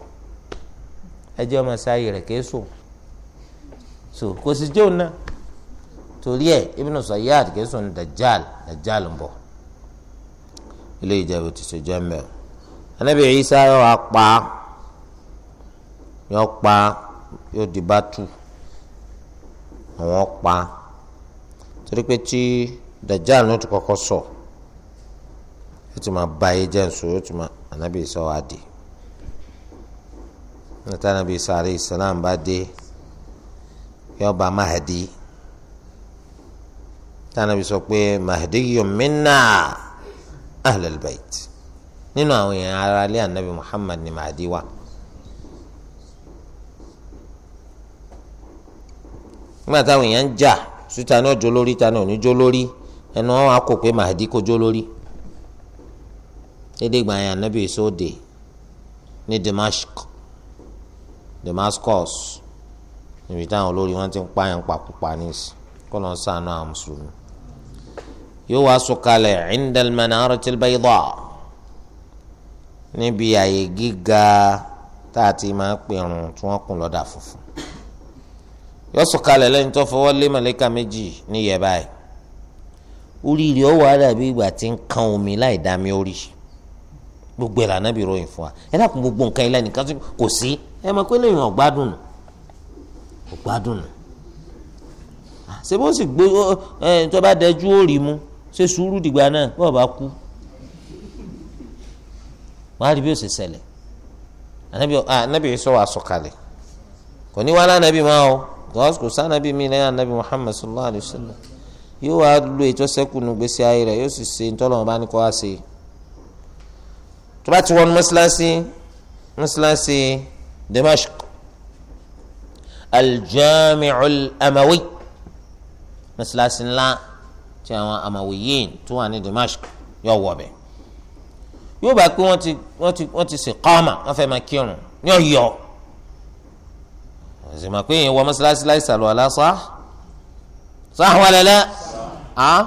ẹjẹ ọmọ sáyé rẹ kìí sùn so kò sì jó ná torí ẹ Ibn Sayyad kìí sùn ní dajjal dajjal ń bọ ilé ìjẹ̀bù ti ṣe jẹ́ mẹ́ọ̀ Ànábì Ìsá yóò wá pa yóò pa yóò di bá tù àwọn pa torí pé tí dajjal ló ti kọ́kọ́ sọ ó ti máa ba ayé jẹ́ nsọ ó ti máa anabi sọ wa dé níta anabi sọ àlẹ ìsàlám bá dé yóò bá mahadi níta anabi sọ pé mahadi yóò minna ahlul bait nínú àwọn èèyàn ara ilé anabi muhammad ni mahadi wa. nígbà táwọn èèyàn ń jà sùtà náà lórí ta náà ò lórí ẹnu wọn á kò pé mahadi kò jó lórí dédé ìgbà yẹn anabi sóde ní Damascus Damascus níbi táwọn olórí wọn ti ń pààyàn pàkópa níìsì kó lọ́n sànú àwọn mùsùlùmí yóò wá sọ̀kalẹ̀ indal manaratil bayda níbi àyè gíga tá a ti máa ń pèrún tí wọ́n kùn lọ́dà funfun yóò sọ̀kalẹ̀ lẹ́yìn tó fọwọ́ lé màlẹ́kà méjì níyẹ̀ báyìí orí ó wà dàbí ìgbà tí ń kan omi láì dá mi orí gbogbo ẹ̀ là nàbì ròyìn fún wa ẹ dákun gbogbo nǹkan ilẹ̀ nìkan tó kò sí ẹ mọ̀ pé lẹ́yìn ọ̀gbádùn nù ọ̀gbádùn nù ṣé bó sì gbé ẹ tó bá dẹjú ó rí mu ṣe sùúrù dìgbà náà bọ́ọ̀ bá kú wàá rí bí ó ṣe ṣẹlẹ̀ anabi sọ wàá sọ̀kalẹ̀ kò ní wàá lánàbì máa o gọ́s kò sànàbì mi lẹ́yìn anabi muhammad sallallahu alayhi wa sallam yóò wá lo ètò sẹ́kùnù gbèsè ayé rẹ̀ yóò sì ṣe ntọ́lọ́mọba ní kó wá ṣe é tó bá ti wọnú mọ́sálásí mọ́sálásí Dimashq aljamiul amawi mọ́sálásí ńlá tí àwọn amawiyin tó wà ní Dimashq yóò wọ̀ bẹ́ẹ̀ yóò bá pé wọ́n ti wọ́n ti wọ́n ti ṣe kọ́ọ̀mà wọ́n fẹ́ máa kírun ní ọ̀yọ́ ọ̀sẹ̀ máa pé èèyàn wọ mọ́sálásí láì sàlùwàlá sá sáà wọlé lẹ́ àá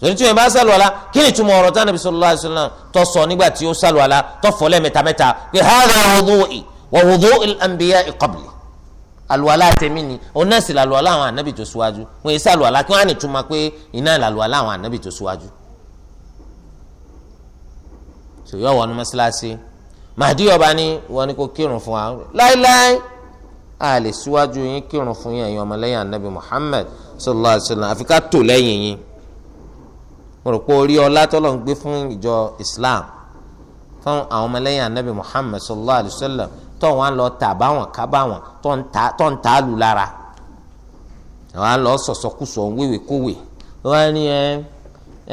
torí tí wọn bá sàlùwàlà kí ni túmọ̀ ọ̀rọ̀ tánàbí sallallahu alaihi wasallam tó sọ nígbà tí ó sàlùwàlà tó fọ̀ lẹ́ẹ̀mẹ́ta mẹ́ta pé hadha wudu'i wa wudu'il anbiya'i qabli àlùwàlà tèmi ni òun náà sì làlùwàlà àwọn ànábì tó síwájú wọn èyí sàlùwàlà kí wọn á ní túmọ̀ pé iná làlùwàlà àwọn ànábì tó síwájú. sọ yọ wọnú mọ́sálásí màdí ọba ni wọn ni mo rò pé orí ọlá tọ́lọ̀ ń gbé fún ìjọ Islam fún àwọn ọmọlẹ́yìn anabi Muhammad sallallahu alayhi wa sallam tó wọn lọ tà báwọn ká báwọn tó ń tà á lù lára wọn lọ sọ̀sọ̀kùsọ̀ ń wéwèé kówè wọn ni ẹ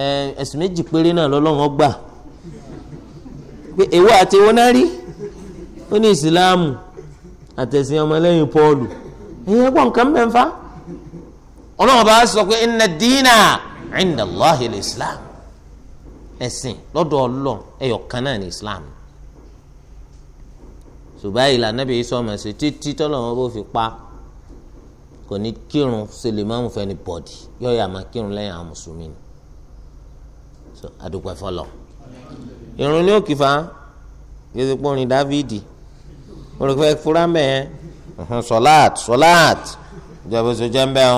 ẹ ẹ̀sùn méjì péré náà lọ́lọ́run gbà pé èwo àti èwo náà rí ó ní ìsìláàmù àtẹ̀sìn ọmọlẹ́yìn Pọ́ọ̀lù ẹ̀yìn ẹ̀gbọ́n nǹkan mẹ́fà ọlọ́run bá sọ pé inna dínà inda Allahi islam ẹ̀sìn lọ́dọ̀ ọlọ́run ẹ̀yọ̀ kan náà ní islam ṣùgbọ́n ìlà nàbẹ̀ yìí sọ̀mọ̀ sí títí tọ́lọ́run bó fi pa kò ní kírun sèlémàmù fẹ́ni bọ̀dì yọ̀ọ́ yà máa kírun lẹ́yìn àwọn mùsùlùmí ni so adúpẹ́ fọlọ́ irun ní òkè fa yéésì dávidi mo rò pé fúrámẹ́ sọláàt sọláàt ìjọba ìṣòjẹ́ ń bẹ́ẹ̀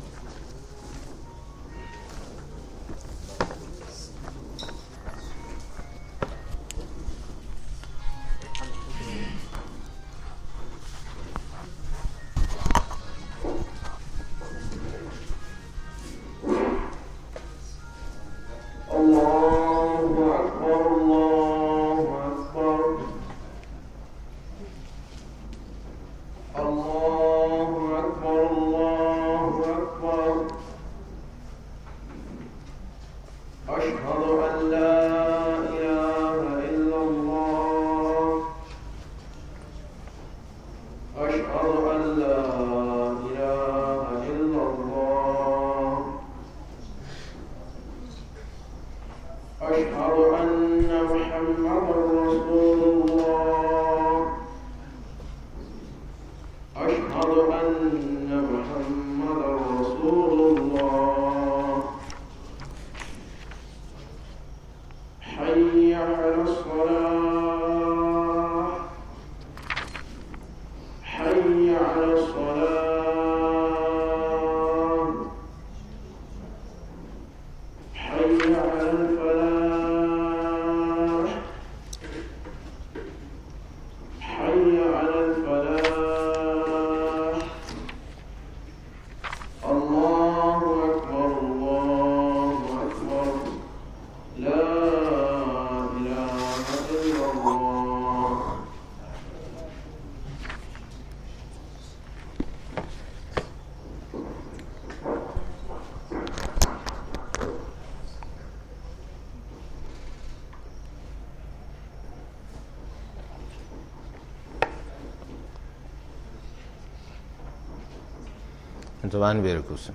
انتوان بيركوسن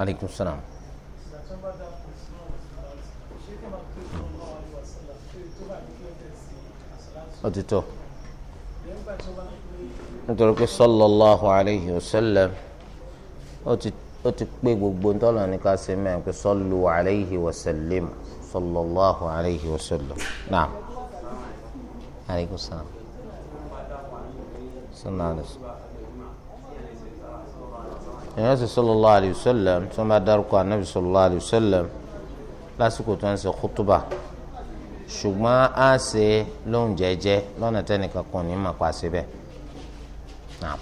عليكم السلام أدتو أدتو صلى الله عليه وسلم أدتو أدتو بيبو بنتولاني كاسمين صلوا عليه وسلم أدتو صلى الله عليه وسلم نعم عليكم السلام الله عليه وسلم صلى الله عليه وسلم ثم دركوا النبي صلى الله عليه وسلم لا سكوت عن خطبة شما آسي لون جيجي لون تنك كون يما قاسبه نعم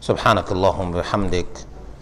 سبحانك اللهم وبحمدك